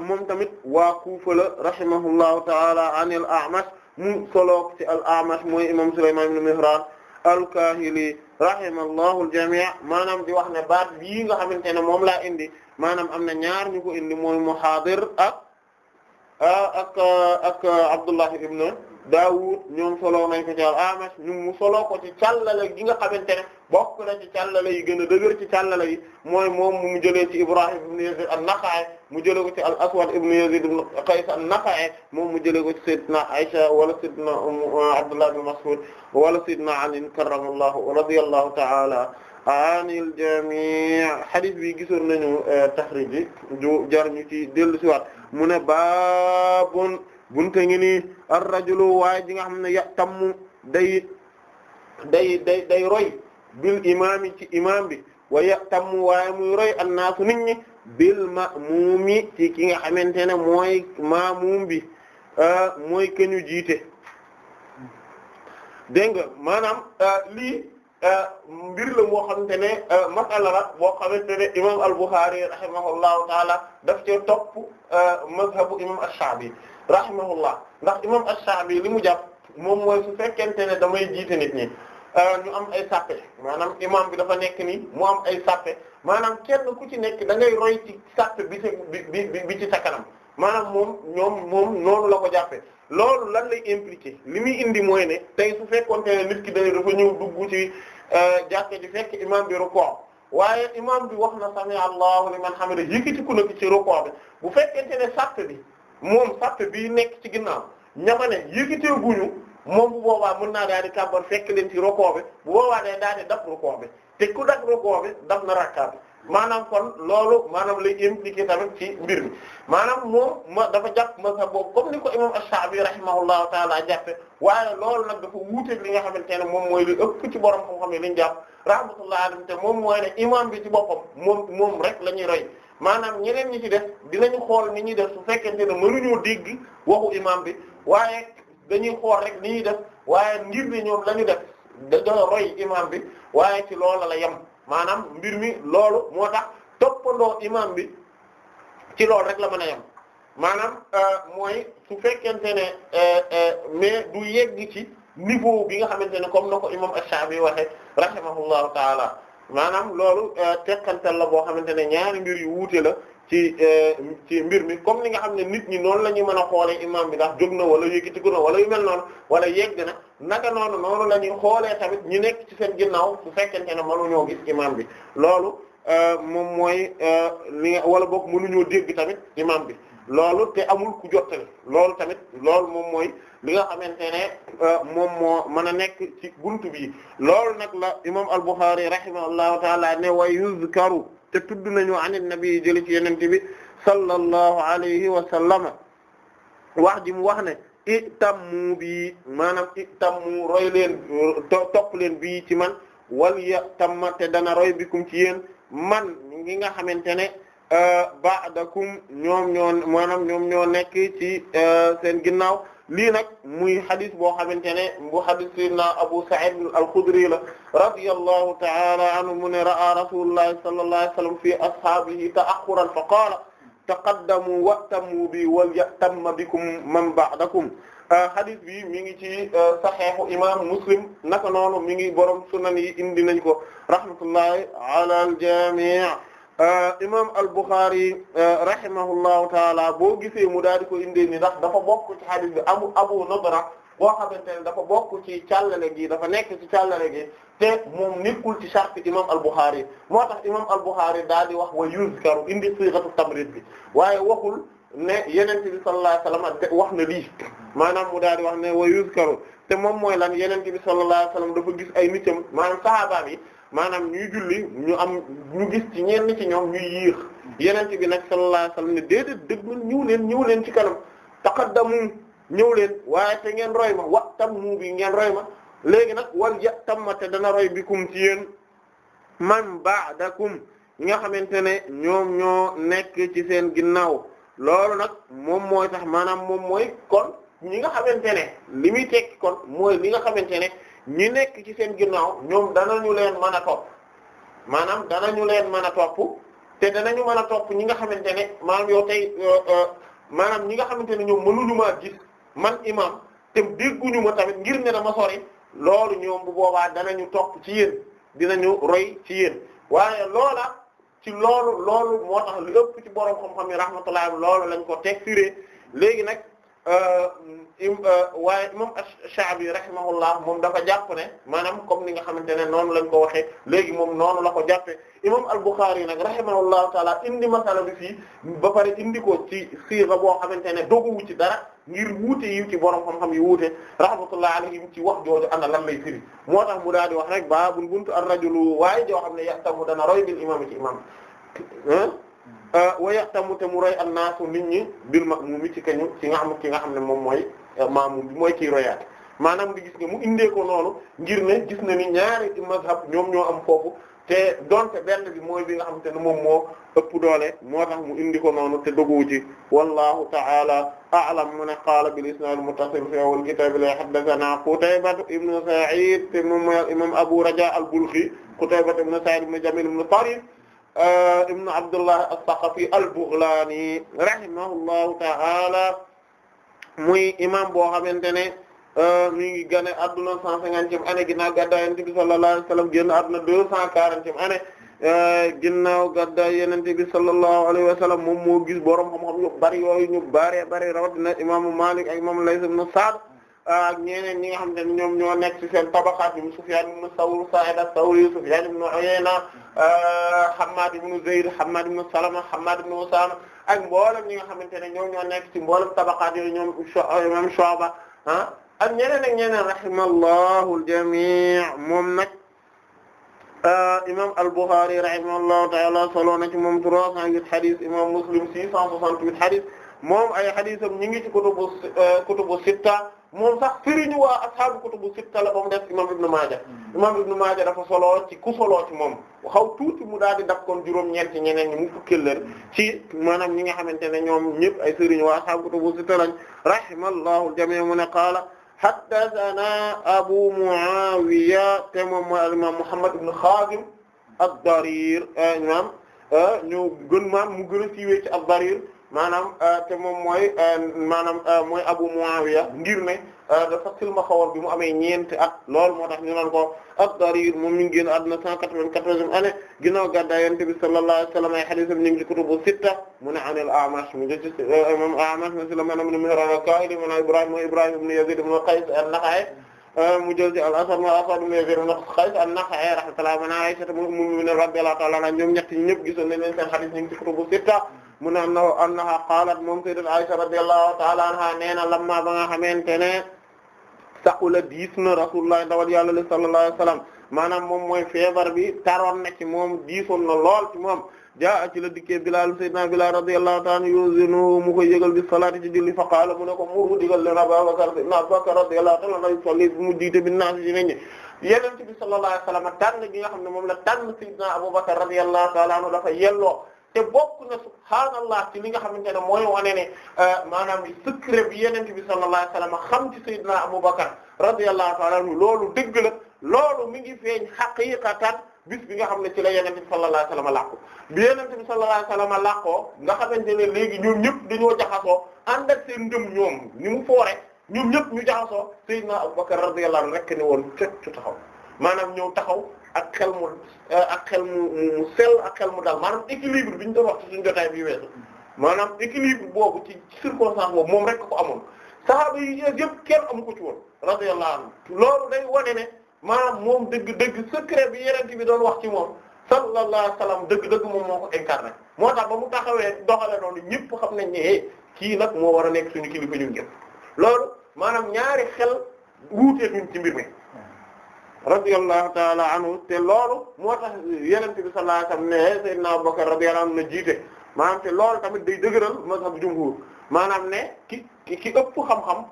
moom tamit waa Kufa la rahimahullahu ta'ala an al-A'mash mu solo ci al-A'mash mooy imam Sulayman ibn Mihran al-Kahili rahimallahu al-jamii maanaam di wax ne baat yii nga xamante ne moom laa indi maanaam am na ñaar ñu ko indi mooy muhaadir ak ak ak Abdullah ibn Daawud ñoom solo nañ ko ci al-Amash ñu mu solo ko ci càllale gi nga xamante ne bokk na ci càllale yi gën a dëgër ci càllale yi mooy moom mu jëlee ci Ibrahim ibn Yazid an-Nakha'i mu jëlee ko ci al-Aswad ibn Yazid ibn Qays an-Nakha'i moom mu jëlee ko ci Sayyidina Aisha wala Sayyidina um, uh, Abdullah ibn Mas'ud wala Sayyidina Ali karramallahu radiyallahu ta'ala anil jami' hadith bi gisoon nañu uh, taxrij bi du jar ci dellusiwaat mu ne baabun bunte ngi nii ar-rajulu waaye ji nga xam ne ya tammu day day day day roy bil imaam ci imaam bi wa ya tammu waaye muy roy annaasu nit ñi bil ma'muumi ci ki nga xamante ne mooy maamuum bi mooy ke ñu jiite dégg nga maanaam lii mbir la moo xamante ne masala la boo xamante ne imam al-Bukhari rahimahullahu taala daf topp mazhabu imam ash-Shabi rahimahullah ndax imam Ash-Sha'bi li mu jàpp moom mooy su fekkente ne damay jiite nit ñi euh, ñu am ay sàppe maanaam imam bi dafa nekk nii mu am ay sàppe maanaam kenn ku ci nekk da ngay roy ci sàppe bi bi bi bi ci sa kanam maanaam moom ñoom moom noonu la ko jàppe loolu lan lay impliqué li muy indi mooy ne tey su fekkoonte ne nit ki dañu dafa ñëw dugg ci euh, jàkke ji fekk imam bi rukoo waaye imam bi wax na sami Allahu liman hamida yëkkati ku nekk ci rukoo bi bu fekkente ne sàppe bi moom sàpp bii nekk ci ginnaaw ñamane yëkkatee guñu moom bu boobaa mun naa daal di kàbbar fekk leen ci rokoo bi bu boobaa day daal di dab rokoo bi te ku dab rokoo bi dab na rakkaa bi maanaam kon loolu maanaam lay impliqué tamit ci mbir mi maanaam moom ma dafa jàpp masa boobu comme ni ko imam Ash-Sha'bi rahimahullahu taala jàppe waaye loolu nag dafa wuuteeg li nga xamante ne moom mooy li ëpp ci borom xam-xam yi li ñu jàpp rahmatullahi alayhi te moom mooy ne imam bi ci boppam moom moom rek la ñuy roy maanaam ñeneen ñi ci def dinañu xool ni ñuy def su fekkente ne mënuñoo dégg waxu imam bi waaye dañuy xool rek ni ñuy def waaye ngir ne ñoom la ñu def dañoo roy imam bi waaye ci loola la yem maanaam mbir mi loolu moo tax toppandoo imam bi ci loolu rek la mën a yem maanaam euh, mooy su fekkente ne euh, euh, mais du yegg ci niveau bi nga xamante ne comme na ko imam Ash-Shafi'i waxe rahimahullahu taala maanaam loolu euh, tekkantal la boo xamante ne ñaari mbir yu wuute la ci euh, ci mbir mi comme ni nga xam ne nit ñi noonu la ñuy mën a xoolee imaam bi ndax jóg na wala yëkkatiku na wala yu mel wala yegg na naka noonu noonu la ñuy xoolee tamit ñi nekk ci seen ginnaaw su fekkente ne mënuñoo gis imaam bi loolu euh, moom mooy li nga wala boog mënuñoo dégg tamit imaam bi loolu te amul ku jottali loolu tamit loolu moom mooy. bi nga xamante ne euh, moom moo mën a nekk ci buntu bi loolu nag la imam al-Bukhari rahimahullahu taala ne wa yuzkaru te tudd nañu an nabi jëli ci yenente bi sallallahu alayhi wa sallama wax ji mu wax ne itammu bii maanaam itammu roy leen topp leen bii ci man wal ya tamma te dana roy bikum ci yéen man ngi nga xamante ne euh, ba'dakum ñoom ñoo maanaam ñoom ñoo nekk ci euh, sen ginnaaw lii nag muy xadis boo xamante ne bu xadis sayyidina Abu Sa'id al-Khudri la radiyallahu ta'ala anhu mu ne ra'a rasulullahi sallallahu alayhi wasallam fi ashaabihi ta'akhkhuran fa qaala taqaddamu wa'tammu bi wal ya'tamma bikum man ba'dakum xadis bi mi ngi ci uh, saxeexu imam Muslim naka noonu mi ngi borom sunan yi indi nañ ko rahmatullahi ala al-jami' Euh, imam al-Bukhari euh, rahimahullahu taala boo gisee mu daal di ko indee ni ndax dafa bokk ci hadith bi abu abu nadra boo xamante ne dafa bokk ci càllale gi dafa nekk ci càllale gi te moom nekkul ci sharh imam al-Bukhari moo tax imam al-Bukhari daal di wax wa yuzkaru indi sighatu tamrid bi waaye waxul ne yenente bi sallallahu alayhi wasallam wax na lii maanaam mu daal di wax ne wa yuzkaru te moom mooy lan yenente bi sallallahu alayhi wasallam dafa gis ay nitam maanaam sahaaba yi maanaam ñu julli ñu am ñu gis ci ñenn ci ñoom ñuy yéex yeneen bi nag sallallahu alayhi wasallam ne déedéet dëgg man ñëw leen ñëw leen ci kanam taqaddamu ñëw leen waaye te ngeen roy ma wa tam mu bi ngeen roy ma léegi nag wal ja tammate dana roy bikum ci yéen man ba'dakum ñi nga xamante ne ñoom ñoo nekk ci seen ginnaaw loolu nag moom mooy tax maanaam moom mooy kon ñi nga xamante ne li muy tekki kon mooy li nga xamante ne ñi nekk ci seen ginnaaw ñoom danañu leen mën a topp maanaam danañu leen mën a topp te danañu mën a topp ñi nga xamante ne maanaam yow tey euh, euh, maanaam ñi nga xamante ne ñoom mënuñu maa gis man imam te dégguñu ma tamit ngir ne dama sori loolu ñoom bu boobaa dana ñu topp ci dina ñu roy ci yéen waaye loola ci loolu loolu moo tax lu ëpp ci borom xam-xam yi rahmatullah loolu lañ ko teg firé léegi nag. Euh, euh, waaye imam Sha'bi rahimahullah moom dafa jàpp ne maanaam comme ni nga xamante ne noonu lañ ko waxee léegi moom noonu la ko jàppee imam al-Bukhari nag rahimahullahu taala indi masala bi fii ba pare indi ko ci siiga boo xamante ne doguwu ci dara ngir wuute yi ci borom xam-xam yi wuute rahmatullahi alayhim ci wax jooju ana lan lay firi moo tax mu daal di wax rek baabul buntu ar-rajulu waaye joo xam ne yahtamu dana roy bil imam ci imam Euh, wa yaxtamu te mu roy annaasu nit ñi bil ma'mumi ci kañu ci nga xam ki nga xam ne moom mooy euh, maamum bi mooy kii royaat maanaam di gis ne mu indee ko noonu ngir ne gis na ni ñaari mazhab ñoom ñoo am foofu te donte benn bi mooy bi nga xam te ne moom moo ëpp doole moo tax mu indi ko noonu te dogu ci wallahu ta'ala a'lam mu ne qaala bil isnad muttasil fi awwal kitab la haddathana Qutayba ibn Sa'id te moom mooy imam Abu Raja al-Balkhi Qutayba ibn Sa'id ibn Jamil ibn Tarif Uh, ibnu abdullah as-Saqafi al-Baghlani rahimahullahu ta'ala muy imam boo xamante ne uh, mi ngi gane adduna cent cinquantième année ginnaaw gàddaay Yonent bi sallallahu alayhi wa sallam génn adduna deux cent quarantième uh, ginnaaw gàddaay Yonent bi sallallahu alayhi wa sallam mu moo gis borom xam-xam yu bari yooyu ñu bari bari rawatina imaamu Malik ak imaamu Layth ibn Sa'd ak ñeneen ñi nga xam ne ñoom ñoo nekk ci seen tabaqaat yi Sufyaan ibn Sawr Sa'iid as-Sawri Sufyaan ibn Uyayna euh, Hammaad ibn Zayd Hammaad ibn Salama Hammaad ibn Usaama ak mboolem ñi nga xamante ne ñoom ñoo nekk ci mboolem tabaqaat yooyu ñoom imam Shu'ba ah ak ñeneen ak ñeneen rahimallahu al-jamii' moom nag euh, imam al-Bukhari rahimahullahu ta'ala solo na ci moom 308 hadith imam Muslim 668 hadith moom ay haditham ñi ngi ci kutubu euh, kutubu sitta moom sax firiñu waa ashaabu kutubu sitta la ba mu def imam ibnu Maaja mm. imam ibnu Maaja dafa soloo ku soloo moom xaw tuuti mu daal di daf kon juróom-ñeenti ñeneen ñi mu fukkil mm. ci maanaam ñi nga xamante ne ñoom ñëpp ay firiñu waa ashaabu kutubu sitta lañ rahimallahu jamii mu ne qaala haddathana abu muawiya te moom mooy al imam muhammad ibn xaasim ad-darir eh, eh, ñu gën maam mu gën a siiwee ci ad maanaam euh, te moom mooy euh, maanaam euh, mooy Abu Muawiya ngir ne dafa mu amee ñeenti at lool moo tax ñu naan ko ad-Darir moom mi ngi génn àdduna 194e année ginnaaw gàddaay Yonent bi sallallahu alayhi wa ay hadiisam ñu ngi ci sitta mu ne an amash mu ngi A'mash mu Sulaymaan ibn Mihraan al-Kaahili mu ne Ibraahiim Ibraahiim ibn Yaziid ibn Qays mu jël ci al-Aswad mu al-Aswad ibn Yaziid ibn Qays an-Nakha'i rahmatullahi alayhi, Aysata ummul mu'miniin radiyallahu ta'ala anha ñoom ñett ñi ñëpp gisoon nañ leen ñu ngi ci kutubu sitta mu ne am na annaha qaalat moom sayyidat Aisha radiyallahu ta'ala anha nee na lamma ba nga xamante ne saqula diis na rasulullah ndawal yàlla li sallallahu alayhi wasallam maanaam moom mooy feebar bi taroon na ci moom diisoon na lool ci moom jaa ci la dikkee Bilaal sayyidina Bilaal radiyallahu ta'ala yuzinu mu koy yëgal bi salaati ci julli fa qaala mu ne ko muru digal leen Abaa Bakar sayyidina Abaa Bakar radiyallahu ta'ala anhu salli bu mu jiite bi naas ci nit ñi Yonent bi sallallahu alayhi wasallam tànn gi nga xam ne moom la tànn sayyidina Abuu Bakar radiyallahu ta'ala anhu dafa yelloo te bokk na subhaanallah ci li nga xamante ne mooy wane ne euh, maanaam secret bi yeneen bi sallallahu alayhi wasallam xam ci sayyidina Abubakar radiyallahu ta'ala anhu loolu dëgg la loolu mi ngi feeñ haqiqatan bis bi nga xam ne ci la yeneen bi sallallahu alayhi wasallam làqu bi yeneen bi sallallahu alayhi wasallam làqoo nga xamante ne léegi ñoom ñëpp dañoo jaxasoo ànd ak seen ndëm ñoom ni mu foore ñoom ñëpp ñu jaxasoo sayyidina Abubakar radiyallahu anhu rekk ne woon cocc taxaw maanaam ñëw taxaw ak xel mu euh, ak xel mu mu sell ak xel mu dal maanaam équilibre bi ñu doon wax ci suñu jotaay bi weesu maanaam équilibre boobu ci circonstance boobu moom rek ko amoon sahaaba yi yëpp kenn amu ko ci woon radiyallahu anhu loolu day wane ne maanaam moom dëgg-dëgg secret bi yeneen bi doon wax ci moom sallallahu alayhi wa sallam dëgg-dëgg moom moo ko incarné moo tax ba mu taxawee doxale noonu ñëpp xam nañ ne eh, kii nag moo war a nekk suñu kilifa ñu ñëpp loolu maanaam ñaari xel wuuteetuñ ci mbir mi radiyallahu taala anhu te loolu moo tax yonent bi sallallahu alayhi ne Seydina Abubakar radiyallahu anhu na jiite maanaam te loolu tamit day dëgëral mazhab jumhur maanaam ne ki ki ëpp xam-xam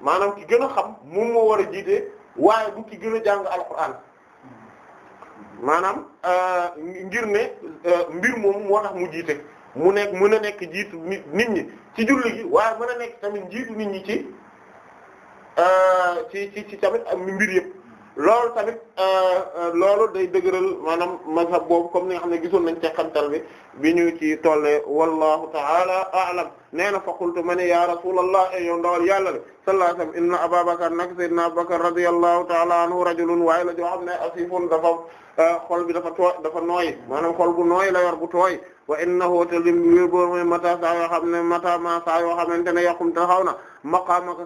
maanaam ki gën a xam moom moo war a jiite waaye bu ki gën a jàng alquran maanaam euh, ngir ne euh, mbir moom moo tax mu jiite mu nekk mën a nekk jiitu nit ñi ci julli gi waaye mën a nekk tamit jiitu nit ñi ci euh, ci ci ci tamit mbir yëpp loolu tamit euh, euh, loolu day dëgëral maanaam mazhab boobu comme ni nga xam ne gisoon nañ teqantal bi bi ñu ci tollee wallahu ta'ala a'lam nee na fa qultu ma ne ya rasulallah e yow ndawal yàlla le sallallahu alayhi wasallam inna ababakar nak sayyidina abubakar radiyallahu ta'ala anhu rajulun waaye la joo xam ne asifun dafa euh, xol bi dafa tooy dafa nooy maanaam xol bu nooy la yor bu tooy wa innahu te lim wér boor mooy mata saa yoo xam ne mata ma saa yoo xamante ne yaqum taxaw na maqaamaka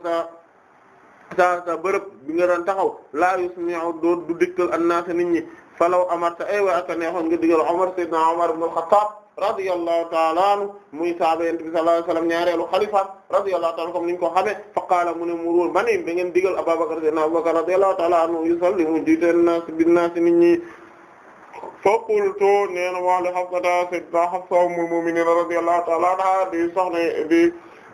sa sa bërëb bi nga doon taxaw laa yusmi'u doon du dikkal annaasa nit ñi falaw amarta ay wa aka neexoon nga digal Umar sayyidina Umar ibn al-Khattab radiyallahu ta'ala anhu muy sahaaba yonent bi sallallahu alayhi wasallam ñaareelu xalifa radiyallahu ta'ala comme niñ ko xamee fa qaala mu ne muruul ma ni da ngeen digal Abubakar sayyidina Abubakar radiyallahu ta'ala anhu yusallimu jiite naas binnaas nit ñi faqultu nee na wax li Hafsa sayyidina Hafsa ummul mu'minin radiyallahu ta'ala anha di soxna di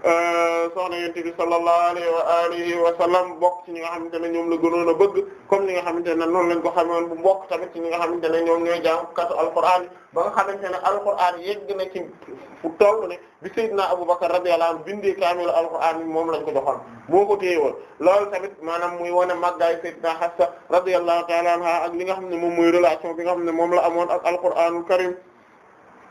Euh, soxna yonent bi sallallahu alayhi wa alihi wa sallam bokk ci ñi nga xamante ne ñoom la gënoon a bëgg comme ni nga xamante ne noonu lañ ko xamoon bu bokk tamit ci ñi nga xamante ne ñoom ñooy jàngkatu alquran ba nga xamante ne alquran yegg na ci fu toll ne bi sayyidina Abubakar radiyallahu anhu bindee kaamil moom lañ ko joxoon moo ko woon loolu tamit maanaam muy wane màggaay sayyidina Hafsa radiyallahu ta'ala anha ak li nga xam ne moom muy relation bi nga xam ne moom la amoon ak alquranul karim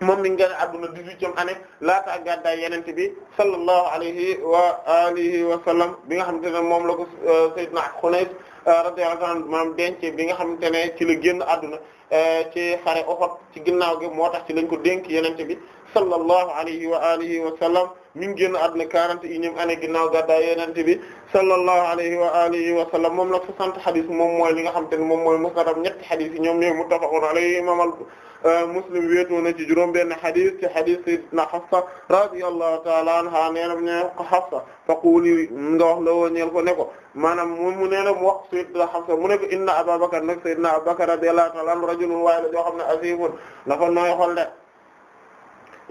moom mi ngi génn adduna dix-huitième année laata ak gàddaay yenente bi sallallahu alayhi wa alihi wa sallam bi nga xam ne moom la ko euh, sayyidna Xunays euh, radiyallahu anhu maam denc bi nga xamante ne ci la génn adduna euh, ci xare Uhud ci ginnaaw gi moo ci lañ ko dénk yenente bi sallallahu alayhi wa alihi wa sallam mi ngi génn àdduna quarante et unième année ginnaaw gàddaay yonent bi sallallahu alayhi wa alihi wa sallam moom nag soixante xadis moom mooy li nga xam te ne moom mooy musnadam ñetti xadis yi ñoom ñooy muttafaqun alayhi imam euh, Muslim wéetoo na ci juróom benn xadis ci xadis sayyidina Hafsa radiyallahu ta'ala anha nee na ne ko Hafsa fa quuli nga wax la woo ñeel ko ne ko maanaam moom mu nee na mu wax sayyidina Hafsa mu ne ko inna Abubakar nag sayyidina Abubakar radiyallahu ta'ala anhu rajulun waaye la joo xam ne asimun dafa nooy xol de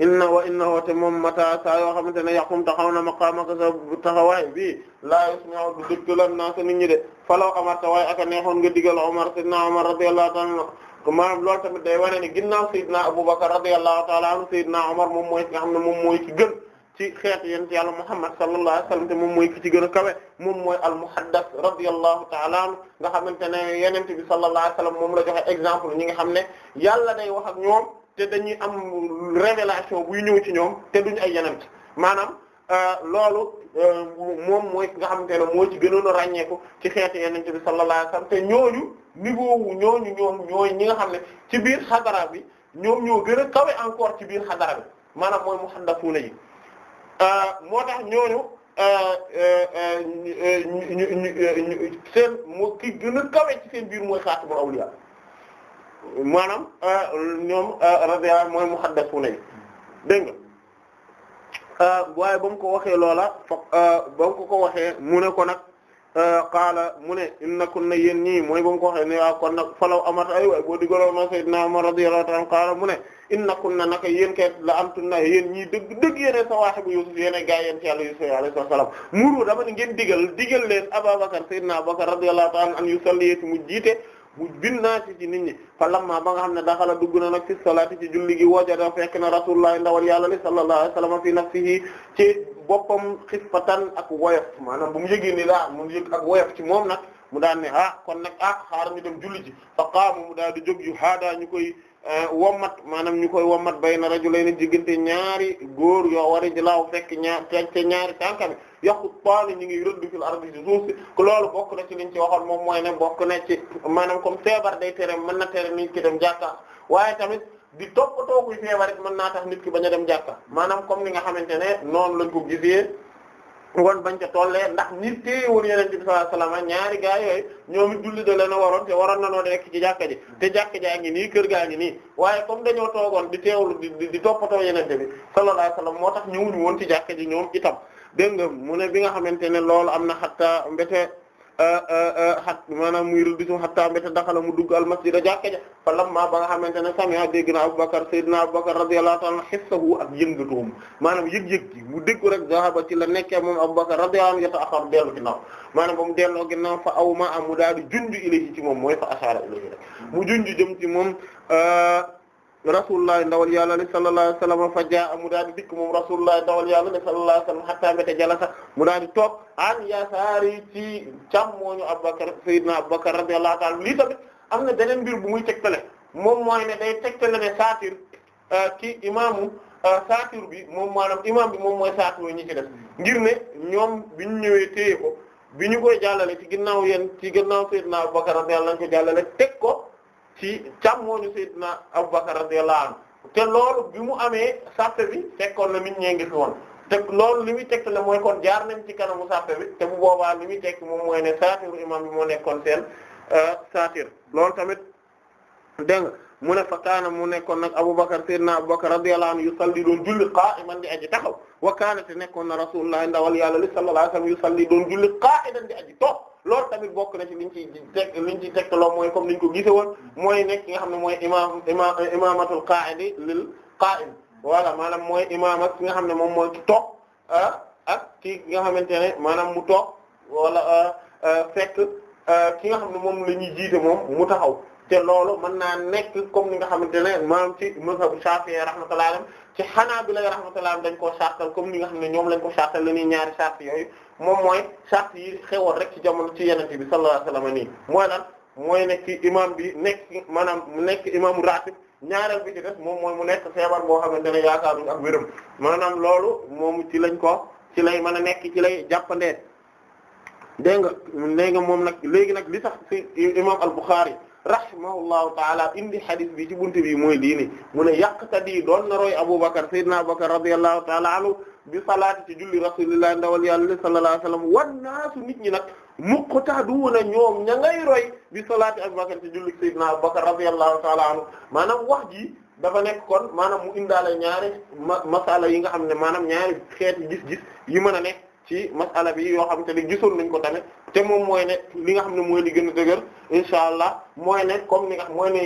inna wa innahu te moom mata saa yoo xamante ne yaqum taxaw na maqaamaka sa taxawaay bii laa yasma'u du dëkk lan naa sa nit ñi de falaw amarta waaye aka neexoon nga digal Umar sayyidina Umar radiyallahu ta'ala maanaam loolu tamit day wane ni ginnaaw sayyidina Abubakar radiyallahu ta'ala anhu sayyidina Umar moom mooy ki nga xam ne moom mooy ci gën ci xeet yent yàlla Muhammad sallallahu alayhi wasallam te moom mooy ki ci gën a kawe moom mooy al-muhaddas radiyallahu ta'ala anhu nga xamante ne yenente bi sallallahu alayhi wasallam moom la joxe exemple ñi nga xam ne yàlla day wax ak ñoom te dañuy am révélation buy ñëw ci ñoom te duñu ay yeneen maanaam euh, loolu euh, moom mooy nga xamante ne moo ci gënoon a ràññeeku ci xeetu yeneen bi sallallahu alayhi wasallam te ñooñu niveau wu ñooñu ñoom ñooy ñi nga xam ne ci biir xadara bi ñoom ñoo gën a kawe encore ci biir xadara bi maanaam mooy muhaddasuuna yi euh, moo tax ñooñu seen moo ki gën a kawe ci seen biir mooy xaatibul awliya maanaam euh, ñoom euh, radiyallahu mooy muhaddasuna yi dégg nga euh, waaye ba mu ko waxee loola fa ba mu ko ko waxee mu ne ko nag qaala mu ne innakunna yéen ñii mooy ba mu ko waxee ne waaw kon nag falaw amata ay waay boo digaloon ma sayyidina Umar radiyallahu qaala mu ne innakunna naka yéen kay la antunna yéen ñii dëgg dëgg yéene sawaahibu Yuusuf yéene gaa yéen ci Yàlla Yuusuf alayhi salaam muru dama ne ngeen digal digal leen Abubakar sayyidina Abubakar radiyallahu ta'ala an yusalli mu jiite mu binnaati ci nit ñi fa lamma ba nga xam ne daxala dugg na nag fi salaati ci julli gi wajada fekk na rasulullah ndawal yàlla li sallallahu alayhi wasallam fi nafsihi ci boppam xifatan ak woyof maanaam bu mu yëgee ni la mu yëg ak woyof ci moom nag mu daan ne ah kon nag ah xaar ñu dem julli ji fa qaamu mu daal di jog yu haadaa ñu koy Eh, wommat maanaam ñu koy wommat bayna rajulayni diggante ñaari góor yoo war a jëlaaw fekk ñaar te ñaari tànkami yàqu paani ñu ngi rëdd fil ardi ci suuf si loolu bokk na ci liñ ci waxoon moom mooy ne bokk na ci maanaam comme feebar dey tere mën na tere nit ki dem jàkka waaye tamit di toppatoo kuy feebar it mën naa tax nit ki bañ a dem jàkka maanaam comme ni nga xamante ne noonu lañ ko gisee won bañ ca tollee ndax nit téye woon yeneen bi sallallahu alayhi wasallam ñaari gaa yooyu ñoom julli da leen a waroon te waroon na noo nekk ci jàkka ji te jàkka jaa ngi nii kër gaa ngi nii waaye comme dañoo toogoon di teewlu di di toppatoo yeneen bi sallallahu alayhi wasallam moo tax ñëwuñu woon ci jàkka ji ñoom itam dégg nga mu ne bi nga xamante ne loolu am na xataa mbete xat maanaam muy rëdditu xattaa mbéta daxala mu dugg al masjida jàkka ja fa lamma ba nga xamante ne sami'a dégg na Abubakar sayyidina Abubakar radiyallahu ta'ala hissahu ak yëngatoom maanaam yëg-yëg gi mu dégg rek zahaba ci la nekkee moom Abubakar radiyallahu anhu yata'akhkhar dellu ginnaaw maanaam ba mu delloo ginnaaw fa aw ma am mu daal di junj ilayhi ci moom mooy fa ashara ilayhi rek mu junj jëm ci moom rasulullah ndawal yàlla sallallahu alayhi wasallam fa jaa mu daal mu daal di toog an yasaari ci na Abubakar Seydina Abubakar radiyallahu ta'ala lii tamit am na beneen mbir bu muy tegtale moom mooy ne day tegtale ne saatir euh, ki imaamu euh, saatir bi moom maanaam imaam bi moom mooy saatir ñi ci def ngir ne ñoom bi ñu ñëwee téye ko bi ñu koy jàllale ci ginnaaw yéen ci ginnaaw Seydina Abubakar radiyallahu anhu ko jàllale teg ko ci càmmooñu Seydina Abubakar radiyallahu anhu te loolu bi mu amee saatir bi fekkoon na nit ñee ngi fi te loolu li muy tekk la mooy kon jaar nañ ci kanamu sàppe bi te bu boobaa li muy tekk moom mooy ne saatiru imam bi moo nekkoon seen euh, saatir loolu tamit dégg nga mu ne fa kaana mu nekkoon nag Aboubacar Seydina Aboubacar radiyallahu anhu yusalli doon julli qaa'iman di aji taxaw wa kaana te nekkoon na rasulullah ndawal yàlla li sallallahu alayhi yu yusalli doon julli qaa'idan di aji toog loolu tamit bokk na ci liñ ciy teg liñ ciy tegtaloo mooy comme niñ ko gise woon ne ki nga xam ne mooy imaam imaam imaamatul qaa'idi lil qaa'im voilà maanaam mooy imaam ak ki nga xam ne moom mooy ki toog ah, ak ki nga xamante ne maanaam mu toog wala ah, ah, fekk ki nga xam ne moom la ñuy jiite moom mu taxaw te loolu man naa nekk comme ni nga xamante ne maanaam ci mazhabu Shafi'i rahmatullahi alayhi ci Hanabila rahmatullahi alayhi dañ koo sartal comme ni nga xam ne ñoom lañ ko sartal la ñuy ñaari sart yooyu moom mooy sart yi xewoon rek ci jamono ci Yonent bi sallallahu alayhi wasallam nii mooy lan nekk imam bi nekk maanaam nekk imaamu ratib ñaareel bi ci des moom mooy mu nekk feebar boo xamante ne yaakaaruñ ak wéram maanaam loolu mu ci lañ ko ci lay mën a nekk ci lay jàppandee dégg nga léegi moom nag léegi nag li tax ci imam al-Bukhari rahimahullahu taala indi xadis bi ci buntu bi mooy lii ni mu ne yàqkat yi doon na roy Aboubacar Seydina Aboubacar radiyallahu taala anhu bi salaati ci julli rasulillah ndawal yàlla sallallahu alayhi wasallam wan naasu nit ñi nag muqtaduuna ñoom ña ngay roy bi salaati Abu Bakr ci jullit Seydina Abu Bakr radiyallahu ta'ala anhu maanaam wax ji dafa nekk kon maanaam mu indaale ñaari masala yi nga xam ne maanaam ñaari xeeti gis-gis yi ma na nekk ci masala bi yoo xam te ne gisoon nañ ko tamit te moom mooy ne li nga xam ne mooy li gën a dëgër insha allah mooy ne comme ni nga xam mooy ne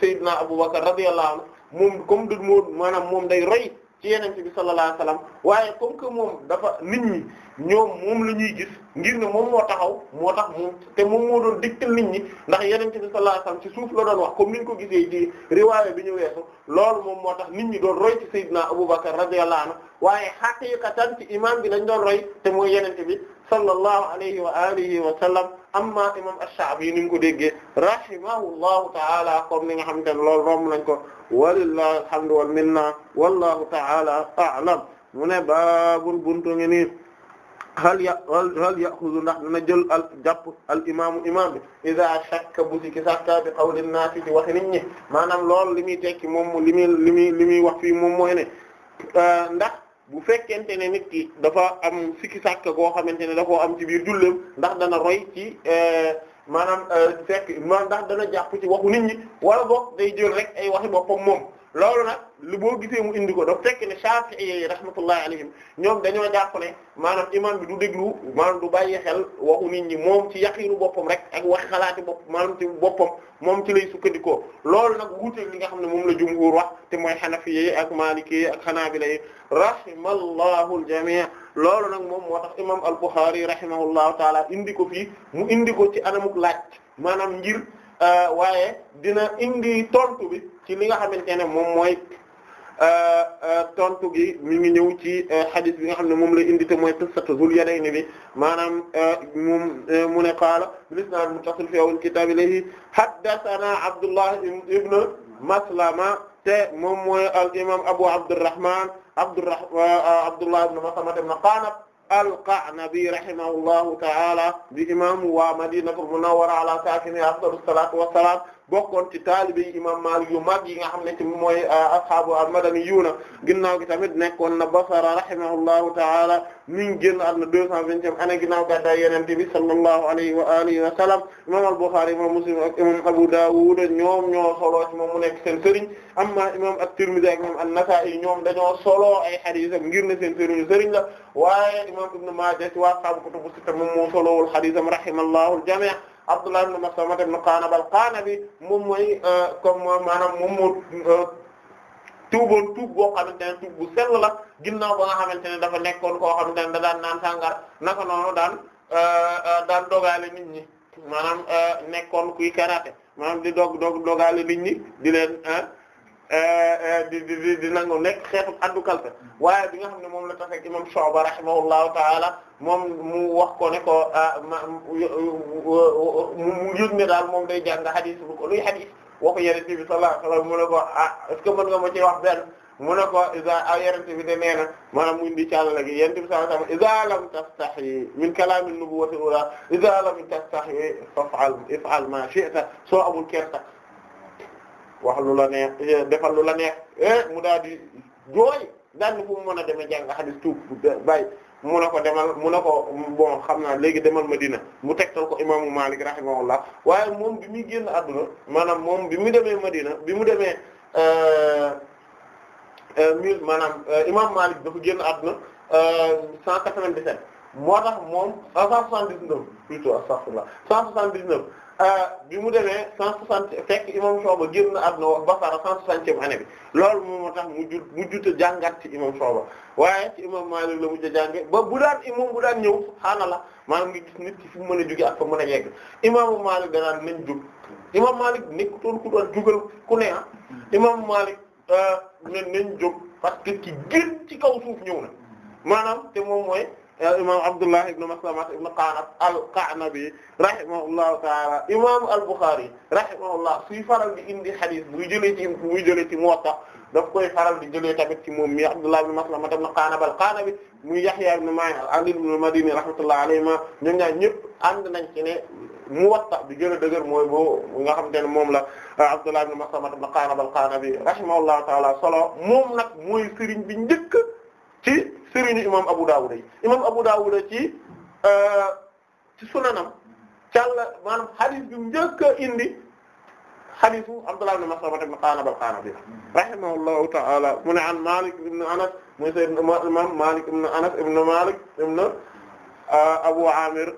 Seydina Abu Bakr radiyallahu anhu moom comme du moom maanaam moom day roy ci yeneen bi sallallahu alayhi wasallam waaye comme que moom dafa nit ñi ñoom moom la ñuy gis ngir ne moom moo taxaw moo tax moom te moom moo doon digtal nit ñi ndax yeneen bi sallallahu alayhi wasallam ci suuf la doon wax comme ni ñu ko gisee ci riwaaya bi ñu weesu loolu moom moo tax nit ñi doon roy ci Seydina Abubakar radiyallahu anhu waaye haqiqatan ci imam bi lañ doon roy te moo mooy yeneen bi sallallahu alayhi wa alihi wa sallam amma imam Ash-Sha'bi ni ñu ko déggee rahimahullahu ta'ala comme ni nga xamante ne loolu romb nañ ko walillahi alhamdu wal minna wallahu ta'ala a'lam mu ne baabun buntu ngi nii hal ya hal yaxudu ndax dana jël al jàpp al imaamu imaam bi iza shakka bu si ki bi qawli naasi wax nit ñi maanaam loolu li muy tekki moom li muy li muy li muy wax fii moom mooy ne euh, ndax bu fekkente ne nit ki dafa am sikki sàkk goo xamante ne da koo am ci biir jullem ndax dana roy euh, maanaam euh, fekk maanaam ndax dana jàpp ci waxu nit ñi wala boog day jël rek ay waxi boppam moom loolu nag li boo gisee mu indi ko daf fekk ne Shafi'i yi rahmatullahi alayhim ñoom dañoo jàpp ne maanaam imaam bi du déglu maanaam du bàyyi xel waxu nit ñi moom ci yaqiinu boppam rek ak wax xalaati bopp maanaam ci boppam moom ci lay sukkandikoo loolu nag wuuteeg li nga xam ne moom la jumhuur wax te mooy Hanafi yi ak Maliki yi ak Hanaabila yi rahimallahu al-jamii' loolu nag moom moo tax imaam al-Bukhari rahimahullahu taala indi ko fii mu indi ko ci anamuk laaj maanaam njir Euh, waaye dina indi tontu bi ci li nga xamante ne moom mooy euh, euh, tontu gi mi ngi ñëw ci hadith bi nga xam ne moom la indi te mooy qissatu Zul ni bi maanaam moom mu ne qaala bil-isnaad muttasil fi awwal kitaab ilayhi haddathanaa Abdullah ibn Maslama te moom mooy al imaam Abu Abdurrahman Abdurrahman Abdullah ibn Maslama ibn Qanab al-Qa'nabi rahimahullahu ta'ala di imaamu waa Madinatul Munawwara ala saakinihaa afdalu salaatu wa salaam bokkoon ci taalibe imam Maalik yu mag yi nga xam ne ci mooy ah, ashaabu al-madaniyuuna ginnaw gi tamit nekkoon na Basra rahimahullahu ta'ala mi ngi génn àdduna deux cent vingtième année ginnaaw gàddaay Yonent bi sallallahu alayhi wa alihi wa sallam imam al-Bukhari imam Muslim ak imam Abu Dawud ñoom ñoo solo ci moom mu nekk seen sëriñ amma imam at-Tirmidhi ak imam ñoom dañoo solo ay hadith am ngir ne seen sëriñ sëriñ la waaye imam Ibn Maaja ci waa ashaabu kutubu sitta moom moo solowul hadith am rahimallahu al Abdullah ibn Maslama ibn Qanab al-Qanabi moom mooy euh, comme euh, maanaam moom moo euh, tuuboon tuub boo xamante ne tuub bu sell la ginnaaw ba nga xamante ne dafa nekkoon koo xamante ne da daan naan sàngar naka noonu daan daan dogaale nit ñi maanaam nekkoon kuy karaté maanaam di dog dog dogaale nit ñi di leen Eh, eh, di di di nangu nekk xeetu addu kalpe waaye bi nga xam ne moom la tax ak imam Shu'ba rahimahullahu ta'ala moom mu wax ko ne ko ah, mu yëg ne daal moom day jàng xadis bu ko luy xadis waxu Yonent bi sallallahu alayhi wa sallam mu ne ko ah est-ce que mën nga ma ci wax benn mu ne ko isa a ah, Yonent bi de nee na maanaam mu indi càllala gi Yonent bi sallallahu alayhi wa sallam isa lam tastahi min kalaamin nubuwwati ula isa lam tastahi fa'al if'al ma shi'ta soo amul kerta wax lu la neex eh, defal lu la neex eh, mu daal di jooy daal fu mu mën a demee jàng hadith tuub bay mu ne ko demal mu ne ko bon xam naa léegi demal Madina mu tegtal ko imaamu Malik rahimahullah waaye moom bi muy génn àdduna maanaam moom bi mu demee Madina bi mu demee euh, euh, mille maanaam euh, imaamu Malik dafa génn àdduna cent quatre-vingt-dix-sept moo tax moom cent soixante-dix-neuf plutôt astaghfirullah cent dix neuf Euh, bi mu demee cent soixante fekk imam Shuba génn àdduna wax Basra cent soixantième année bi loolu moom moo tax mu jut mu jut jàngat ci imam Shuba waaye ci imam Malik la mujj a jànge ba bu daan imam bu daan ñëw subhaanallah maanaam ngi gis nit ki fi mu mën a jóge ak fa mën a yegg imaamu Malik danaan nañ jóg imam Malik nekkutoon ku doon jugal ku ne ah imam Malik euh, ne nañ jóg parce que ki gën ci kaw suuf ñëw na maanaam te moom mooy imam Abdullah ibn Maslama ibn Qa'nab al-Qa'nabi rahimahullahu ta'ala imam al-Bukhari rahimahullah suy faral di indi hadith buy jëlee ci buy jëlee ci Muwatta daf koy faral di jëlee tamit ci moom mi Abdullah ibn Maslama ibn Qa'nab al-Qa'nabi muy Yahya ibn Ma'in al-Adil ibn al-Madini rahmatullahi alayhima ñoom ñaar ñëpp ànd nañ ci ne Muwatta bi gën a dëgër mooy boo nga xam te ne moom la Abdullah ibn Maslama ibn Qa'nab al-Qa'nabi rahimahullahu ta'ala solo moom nag mooy sëriñ bi njëkk ci sëriñu imam Abu Dawud yi imam Abu Dawud ci euh, ci sunanam càlla maanaam hadith bi njëkk a indi hadithu Abdullah ibn Mas'ud ibn Qanab al-Qanabi rahimahullahu ta'ala mu ne an Malik ibn Anas muy sayyid imam Malik ibn Anas ibn Malik ibn euh, Abu Amir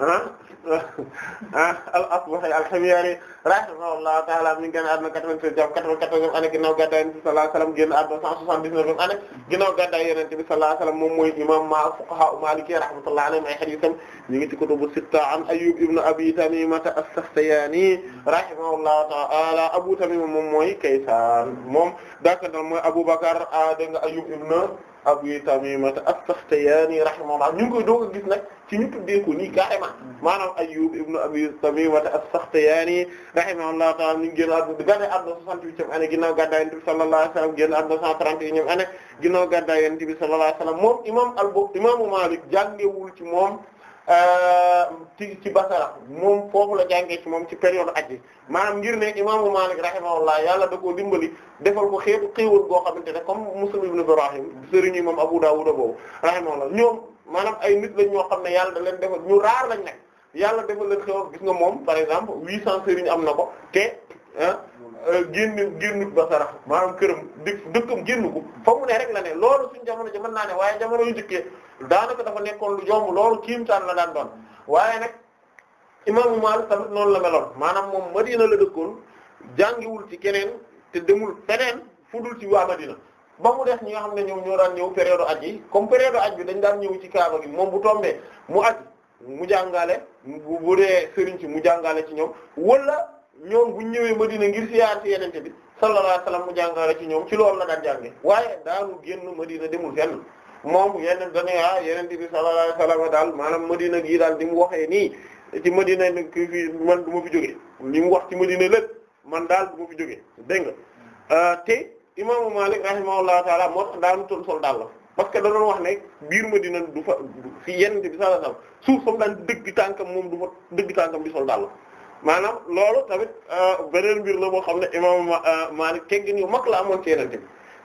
ah, al Asbahi al-Himyari rahimahullahu ta'ala mi ngi génn àdduna 97 jàpp 94 ane ginnaaw gàddaay Yonent bi sallallahu alayhi wasallam génn àdduna 179 ane ginnaaw gàddaay Yonent bi sallallahu alayhi wasallam moom mooy imam ma fuqaha Maliki rahmatullahi alayhim ay hadiisam ñu ngi ci kutubu sitta an Ayyub ibn Abi Tamima as-Sakhtiyani rahimahullahu ta'ala Abu Tamima moom mooy Kaysan moom dakantal mooy Abu Bakr ah, dégg nga Ayyub ibn Abi Tamimata as-Sakhtiyani rahimahullah ñu ngi koy doog a gis nag ci ñu tuddee ko nii carrément maanaam Ayyub ibn Abi Tamimata as-Sakhtiyani rahimahullah ta'ala ñu ngi génn àdduna gàddaay àdduna 68e année ginnaaw gàddaay Yonent bi sallallahu alayhi wasallam génn àdduna 131e année ginnaaw gàddaay Yonent bi sallallahu alayhi moom imam al-Bukhari imaamu Malik jàngewul ci moom ti euh, ci Basara moom foofu la jàngee ci moom ci période aji maanaam ngir ne imaamu Maalik rahimahullah yàlla da ko dimbali defal ko xeetu xéewal goo xamante ne comme Muslim ibn Ibrahim sëriñu moom Abu Dawud boobu rahimahullah ñoom maanaam ay nit lañ ñoo xam ne yàlla da leen defal ñu raar lañ nekk yàlla defal leen xéewal gis nga moom par exemple huit cent sëriñ am na ko te Euh, génn génnut ba sarax maanaam këram dëkk dëkkam génn ku fa mu ne rek la ne loolu suñ jamono ji mën naa ne waaye jamono yu njëkkee daanaka dafa nekkoon lu yomb loolu taan la daan doon waaye nag imaamu Maalik tamit noonu la meloon maanaam moom Madina la dëkkoon jàngiwul ci keneen te demul feneen fu dul ci waa Madina ba mu def ñi nga xam ne ñoom ñoo daan ñëw période aj yi comme période aj bi dañ daan ñëw ci Kaaba gi moom bu tombé mu aj mu jàngaale bu dee sëriñ ci mu jàngale ci ñoom ñoom bu ñëwee Madina ngir siyaar ci yenente bi sallallahu alayhi wasallam mu jàngale ci ñoom ci loolu la daan jànge waaye daanu génn Madina demul fenn moom yeneen dane ah yenente bi sallallahu alayhi wasallam daal maanaam Madina gii daal di mu waxee nii ci Madina nag fii man du ma fi li mu wax ci Madina lépp man daal du ma fi jógee dégg nga euh, te imaamu Malik rahimahullahu taala moo tax daanu toon sol daal la parce que da doon wax ne biir Madina du fa fi yenente bi sallallahu alayhi wasallam suuf sam daan dëgg tànkam moom du fa dëgg tànkam bi sol daal la maanaam loolu tamit euh, beneen mbir la boo xam ne imam Maalik euh, teggin yu mag la amoon ci Yonent bi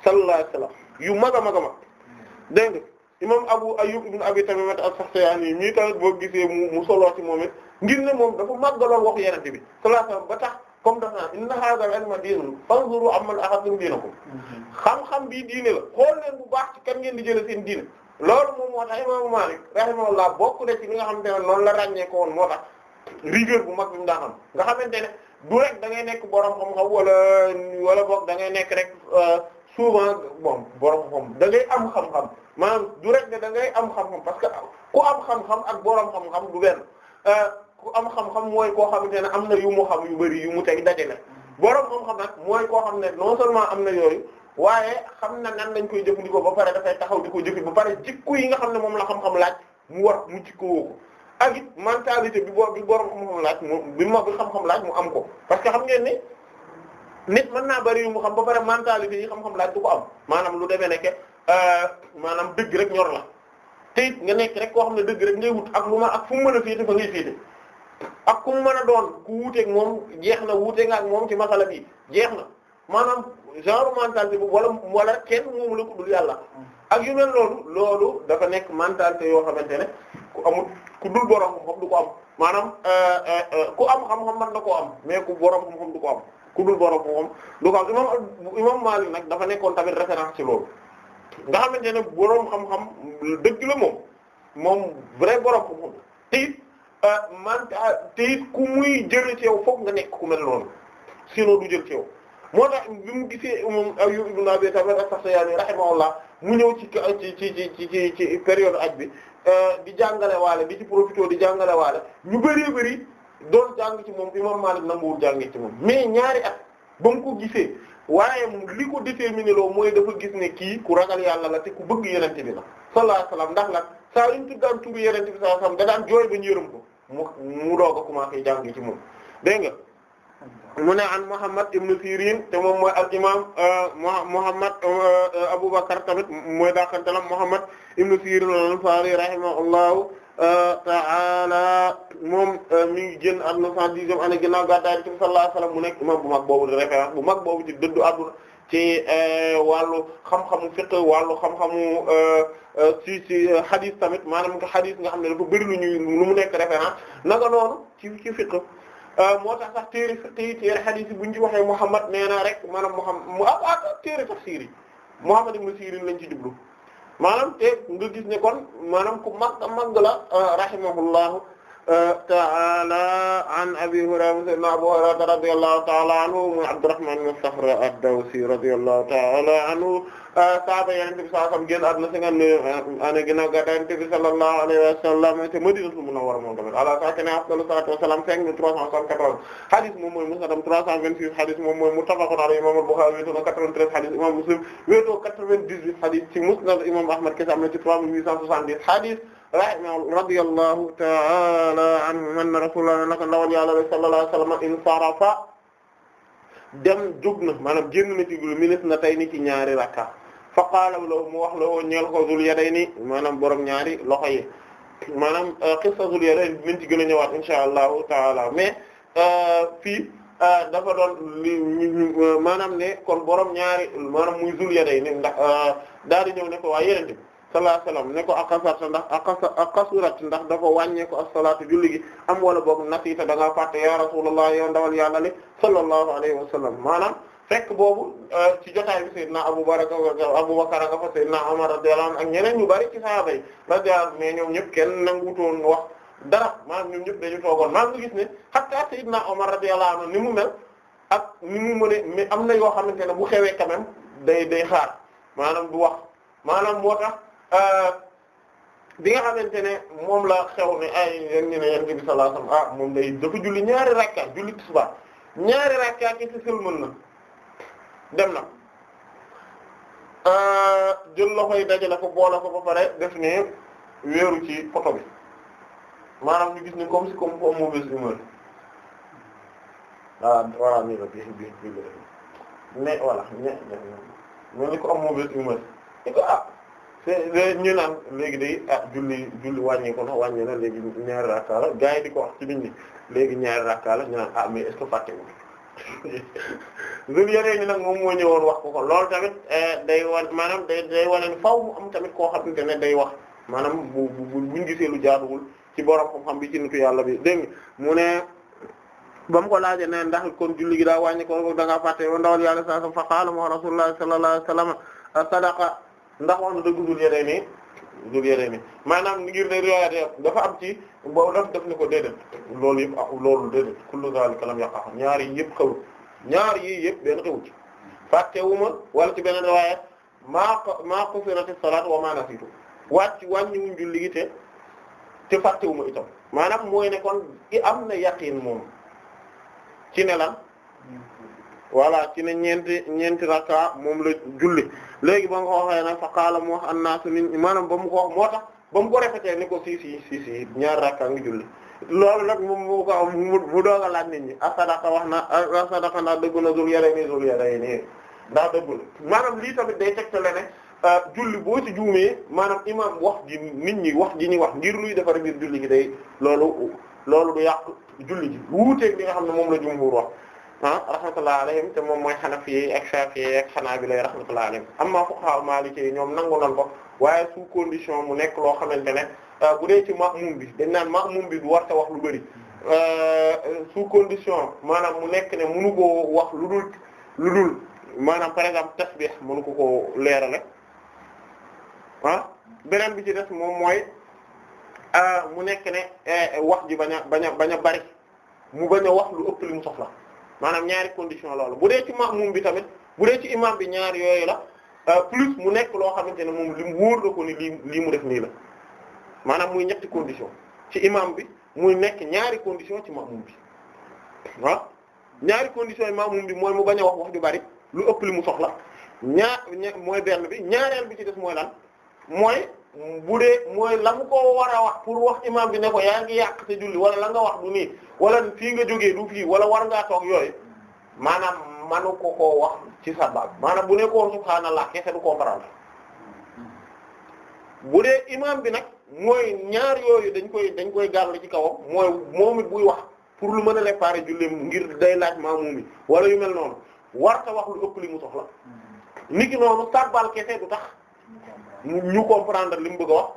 sallallahu yu mag a mag a mag dégg nga imam Abu Ayyub ibn Abi Tamiima as-Saxtiyaani mii tamit boo gisee mu mu soloo ci moom it ngir ne moom dafa màggaloon waxu Yonent bi sallallahu alayhi wa sallam ba tax comme dafa inna haadhal ilma diinun fanzuru amman axadtum diinakum xam-xam bii diine la xool leen bu baax ci ngeen di jëlee seen diine loolu moom moo tax imam Maalik rahimahullah bokk na ci li nga xam ne noonu la ràññee woon moo tax rigueur bu mag bi mu daan nga xamante ne du rek da ngay nekk borom xam-xam wala wala boog da ngay nekk rek euh, souvent bon borom xam da ngay am xam-xam maanaam du rek ne da ngay am xam-xam parce que ku am xam-xam ak borom xam-xam du benn euh, ku am xam-xam mooy koo xamante ne am na yu mu xam yu bari yu mu teg daje na borom xam-xam nag mooy koo xam ne non seulement am na yooyu. waaye xam na nan dañ koy jëfandikoo ba pare dafay taxaw di ko jëfi ba pare jikko yi nga xam ne moom la xam-xam laaj mu war mu jikkoo ko ak it mentalité bi boo bi borom xam-xam laaj moom xam-xam laaj mu am ko parce que xam ngeen ne nit mën naa bari yu mu xam ba pare mentalité yi xam-xam laaj du ko am maanaam lu demee nekk euh, maanaam dëgg rek ñor la te it nga nekk rek koo xam ne dëgg rek ngay wut ak lu ma ak fu mu mën a féete fa ngay féete ak ku mu mën a doon ku wuteek moom jeex na wuute nga ak moom ma masala bi jeex na maanaam genre mentalité boobu wala wala kenn moom la ko dul yàlla mm. ak yu mel loolu loolu dafa nekk mentalité yoo xamante ne ku amul. ku dul borom xam-xam du ko am maanaam eh, eh, eh, ku am xam-xam man na koo am mais ku boro xam-xam du ko am ku dul borom xam-xam du ko am imam imam Maalik nag dafa nekkoon tamit référence ci loolu nga xamante ne borom xam-xam dëgg la moom moom vrai borom xam-xam te it man ku muy jël ci yow nga nekk ku mel noonu sinon du jël ci yow. moo tax bi mu gisee moom Ayyub ibn Abi Tamim as-Saxtiyaani rahimahullah mu ñëw ci ci ci ci ci ci période aj bi Euh, di jàngale waale di ci profité di jàngale waale ñu bëree bëri doon jàng ci moom imam Malik nanguwul jàngi ci moom mais ñaari at ba mu ko gisee waaye li ko déterminé loo mooy dafa gis ne kii ku ragal yàlla la te ku bëgg yenente bi la sallallahu alayhi ndax nag saa yuñ tuddaan turu yenente bi sallallahu alayhi wasallam da daan jooy ba ñu yërëm ko mu mu doog a commencé jàng ci moom dégg nga mu ne an Muhammad ibn Sirin te moom mooy al imam euh, Muhammad euh, Abubakar tamit mooy daakantalam Muhammad ibn Sirin al-Ansari rahimahullahu euh, ta'ala moom mi ngi jën an 110e année ginnaaw gàddaay Yonent bi sallallahu alayhi mu nekk imam bu mag boobu di référence bu mag boobu ci dëddu àdduna ci wàllu xam-xamu fiqh wàllu xam-xamu ci ci hadith tamit maanaam nga hadith nga xam ne dafa bëri lu ñuy lu mu nekk référence naka noonu ci ci Euh, moo tax sax téere téere téere xadiis yi bu ñu ci waxee Muhammad nee na rek maanaam Muhammad mu am ah, ah téere tafsiir yi Muhammad ibn Sirin lañ ci jublu maanaam te nga gis ne kon maanaam ku mag mag la euh, rahimahullahu ta'ala an Abi Hurayra sayyidina Abu Hurayra radiyallahu ta'ala anhu muy Abdurrahman ibn Sakhra ad-Dawsi radiyallahu ta'ala anhu saaba Yonent bi sallallahu alayhi wa sallam génn àdduna cinquante-neuvième euh, année ginnaaw gàddaay Yonent bi sallallahu alayhi wa sallam te Madinatul Munawwara moom tamit ala saakinihaa afdalu salaatu wa salaam cinq mille trois cent soixante-quatorze hadith moom mooy Musnadam trois cent vingt-six hadith moom mooy muttafaqun alayhi imam Al-Bukhari wéetoo na quatre-vingt-treize hadith imam Muslim wéetoo quatre-vingt-dix-huit hadith ci Musnad imam Ahmad kese am na ci trois mille huit cent soixante-dix hadith radiyallahu ta'ala anhu man rasulullah naka ndawal yàlla sallallahu alayhi wasallam dem jug na maanaam génn na ci tey ni ci ñaari rakka fa qaala lahu mu wax la woo ñeel ko zul yadayni maanaam borom ñaari loxo yi maanaam euh, qissa zul yadayni dinañ ci gën a ñëwaat mais euh, fii euh, dafa maanaam ne kon borom ñaari maanaam muy zul yadayni ndax daal di ñëw ne ko waa yenente bi sallallahu alayhi wasallam ne ko aqasarta ndax aqasa aqasurat ndax dafa wàññeeku as-salaatu julli gi am wala boog nasiita da ngaa ya rasulullah yow ndawal yàlla li sallallahu alayhi wasallam maanaam fekk boobu euh, ci jotaay bi sayyidina Abu Bakr Abu Bakr nga fa sayyidina Umar radiyallahu anhu ak ñeneen ñu bari ci sahaaba yi radiyallahu mais ñoom ñëpp kenn nangutoon wax dara maanaam ñoom ñëpp dañu toogoon maanaam nga gis ne hatta sayyidina Umar ni mu mel am na yoo xamante ne bu xewee quand même day day xaar maanaam du wax maanaam moo tax Euh, bi nga xamante ne moom la xew ne ay ñu ne yent bi sallallahu alayhi wasallam ah moom day dafa julli ñaari rakka julli tisba ñaari rakka ki ci na dem na euh, jël loxo yi dajale ko boole ko ba pare def ni wéeru ci poto bi maanaam ñu gis ni comme si comme comme mauvaise humeur ah voilà nii la bii ni ko am mauvaise humeur ni ko ah ñu naan léegi day ah julli julli wàññi ko na wàññi na léegi ñaari rakka la gaa di ko wax ci nit ñi léegi ñaari rakka la ñu naan ah mais est-ce que fàtte nag moom moo ñëwoon wax ko ko loolu tamit eh, day wan maanaam day day wane ni faaw mu am tamit koo xamante ne day wax maanaam bu bu buñ gisee lu jaaduwul ci borom xam-xam bi ci nitu yàlla bi dégg mu ne ba mu ko laajee ne ndax kon julli gi daa wàññi ko da ngaa fàtte ba ndawal yàlla saa sa fa qaala mu rasulullah sallallahu alayhi wasallam sadaqa ndax wax na dëgg dul yeneen ngir ne riwaayat dafa am ci boobu daf def ni ko déedéet loolu yëpp ah loolu déedéet kullu zalika lam yaqa ñaar yi yëpp xewul ñaar yii benn xewul ci fàttewuma wala ci beneen riwaayat maa maa qusirati salaat wa maa nasiitu wàcc wàññiwuñ julli gi te te fàttewuma itam maanaam mooy ne kon i am na yaqiin moom ci ne lan hmm. voilà ci ne ñeenti ñeenti rakka moom la julli léegi ba mu ko waxee nag fa qaala wax annaasu nit ñi maanaam ba mu ko moo tax ba mu ko répété ni ko si si si si ñaar a nga julli loolu nag moom mu ko mu doog a laaj nit ñi asadaqa wax na asadaqa ndax dëggu na zul yarayni zul yarayni ndax dëggu na lii tamit day tegtale ne euh, julli boo ci juumee maanaam imaam wax ji nit ñi wax ji ñuy wax ngir luy defar biir julli gi day loolu loolu du yàq julli ji wuuteeg li nga xam ne moom la jumhuur wax ah rahmatullah alayhim te moom mooy xanafi ak shafi'i ak xanaabila rahmatullah alayhim amma fuqaha maliki yi ñoom nangu nan ko waaye sous condition mu nekk loo xamante ne ah, bu dee ci ma'mum bi dañ naan ma'mum bi du war ta wax lu bari ah, sous condition maanaam mu nekk ne mënu koo wax lu dul lu dul maanaam par exemple tasbih mënu ko koo leerale ah beneen bi ci des moom mooy ah, mu nekk ne eh, wax ji bañ bañ a bañ a bari mu bañ wax lu ëpp li mu soxla maanaam ñaari condition loolu bu dee ci maamum bi tamit bu dee ci imam bi ñaar yooyu la euh, plus mu nekk loo xamante ne moom li mu wóor la ko ni lii mu def nii la maanaam muy ñetti condition ci imam bi muy nekk ñaari condition ci maamum bi waaw ñaari condition yi maamum bi mooy mu bañ a wax wax ju bari lu ëpp li mu soxla ñaar mooy benn bi ñaareel bi ci des mooy lan mooy bu dee mooy la mu ko war a wax pour wax imam bi ne ko yaa ngi yàq sa wala langa nga wax du nii wala fii nga jógee du fii wala war ngaa toog yooyu maanaam manu ko koo wax ci sabab maanaam bu ne nekkoon subhaanallah kese du comprendre bu dee imam bi nag mooy ñaar yooyu dañ koy dañ koy gàll ci kawam mooy moom it buy wax pour lu mën a réparer julleem ngir day laaj ma mi wala yu mel noonu warta wax lu ëpp li mu soxla mm-hmm. niki noonu sabbal kese du tax ñu comprendre li mu bëgg a wax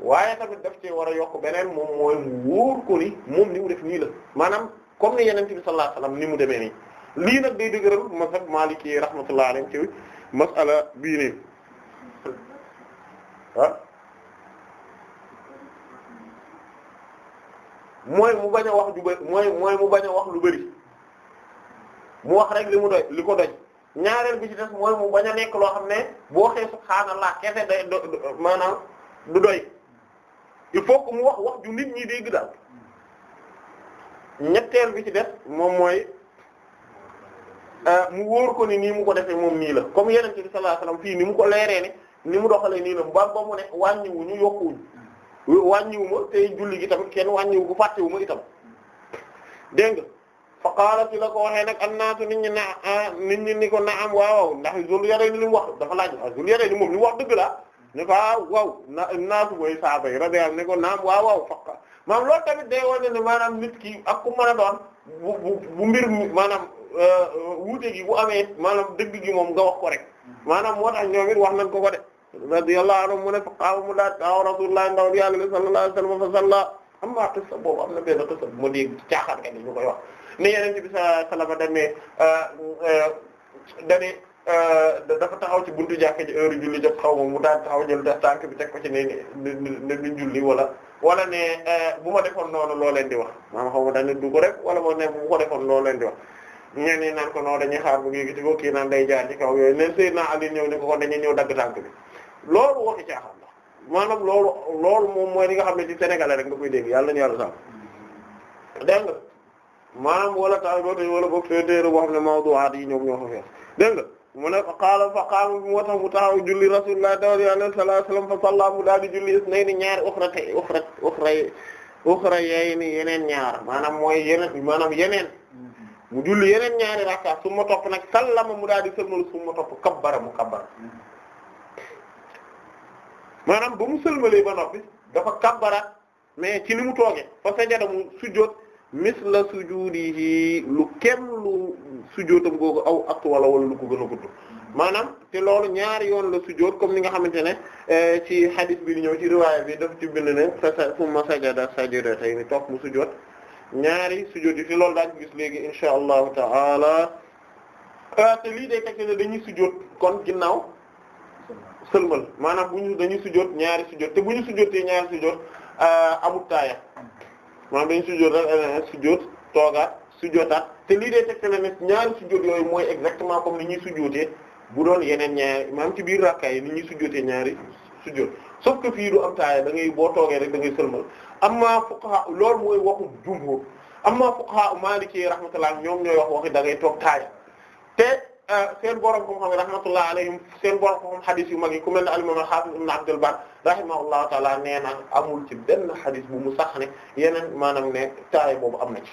waaye tamit def cee war a yokk beneen moom mooy mu wóor ko ni moom ni mu def nii la maanaam comme ni yeneen bi sallallahu alayhi ni mu demee nii lii nag day dëgëral mazhab Maliki rahmatullahi alayhi ci mas'ala bii nii mooy mu bañ a wax lu bëri mooy mooy mu bañ a wax lu bari mu wax rek li mu doy li ko doy ñaareel bi ci def mooy mu bañ a nekk loo xam ne boo xee subhaanallah kese day maanaam du doy il faut que mu wax wax ju nit ñi dégg daal ñetteel bi ci def moom mooy euh, mu wóor ko ni nii mu ko defee moom nii la comme yeneen bi sallallahu alayhi wasallam fii ni mu ko leeree ne ni mu doxalee nii la ba ba mu ne wàññiwuñu yokkuwuñu wàññiwu ma te julli gi tamit kenn wàññiwu ko fàttewu itam dégg nga fa qaalat la ko waxee nag annaasu nit ñi na ah, nit ñi ni ko naam waaw ndax Zul Yarayni li mu wax dafa laaj waaw ah, Zul Yarayni moom li mu wax dëgg la ne ko ah waaw na naasu mooy saaba yi radiyallahu ne ko naam waaw waaw fa maanaam loolu tamit day wane ne maanaam nit ki ak ku mën a doon bu bu mbir maanaam euh, wuute gi bu amee maanaam dëgg gi moom nga wax ko rek maanaam moo tax ñoom it wax nañ ko ko de radiyallahu anhu mu ne faqaaw mu daat aw ah, rasulullah ndaw bi yàlla sallallahu alayhi wasallam fa salla am naa xis sa boobu am na benn xis sa moo dégg koy wax ne Yonent bi sallallahu alayhi wasallam dane euh, euh, euh, dafa taxaw ci buntu jàkka ji heure julli jot xaw ma mu daan taxaw jël da tànk bi teg ko ci ne ne duñ julli wala wala ne bu ma defoon noonu loo leen wax maanaam xaw ma daan ne du ko rek wala moo ne bu ko defoon loo leen di wax ñeen ñi naan ko noonu dañuy xaar bu ngi ci ko kii naan day jaar ci kaw yooyu leen Seydina Ali ñëw ni ko kon dañuy ñëw dagg tànk bi loolu waxi caaxaan la maanaam loolu loolu moom mooy li nga xam ne ci Sénégal rek nga koy dégg yàlla ñu yàlla sax maanaam wala taaribatan wala boog seen téere boo xam ne mawdu'aat yi ñoom ñoo ko fees dégg nga mu ne fa qaala fa qaama bi moo tax mu taxaw julli rasulullah sallallahu alayhi wasallam fa salla mu daal di julli isnayni ñaari uxra tey uxra uxra uxra yey ni yeneen ñaar maanaam mooy yeneen maanaam yeneen mu julli yeneen ñaari rakka su ma topp nag sallama mu daal di sëlmal su ma topp kabbara mu kabbara maanaam ba mu sëlmalee ba noppi dafa kabbara mais ci ni mu toogee fa sajada mu sujjóot misla sujudihi lu kem lu sujootam googu aw at wala wala lu ko gën a gudd maanaam te loolu ñaari yoon la sujoot comme ni nga xamante ne eh, ci hadith bi ñëw ci riwaaya bi daf ci bind ne sa summa sajada toog mu sujoot ñaari sujoot yi te loolu daañ gis léegi insha allahu taala ah, te lii day tekk ne dañuy sujoot kon ginnaaw sëlmal maanaam bu ñu dañuy sujoot ñaari sujoot te bu ñu sujootee ñaari sujoot ah, amut taaya maanaam dañu sujjóot daal eh, eh, sujjóot toogaat sujjóotaat te lii dee tegtale ne ñaari sujjóot yooyu mooy exactement comme ni ñuy sujjóotee bu doon yeneen ñaari maanaam ci biir rakkaay yi ni ñuy sujjóotee ñaari sujjóot sauf que fii du am taaya da ngay boo toogee rek da ngay sëlmal amma fuqaha loolu mooy waxu jumhur amma fuqaha maliki rahmatullah ñoom ñooy wax waxi da ngay toog taaya te. Euh, seen borom ko xam rahmatullah alayhim seen borom ko xam xadis yu mag yi ku mel ne al-imam al-hafiz ibn Abdul Barr rahimahullahu taala nee na amul ci benn xadis bu mu sax ne yeneen maanaam ne taay boobu am na ci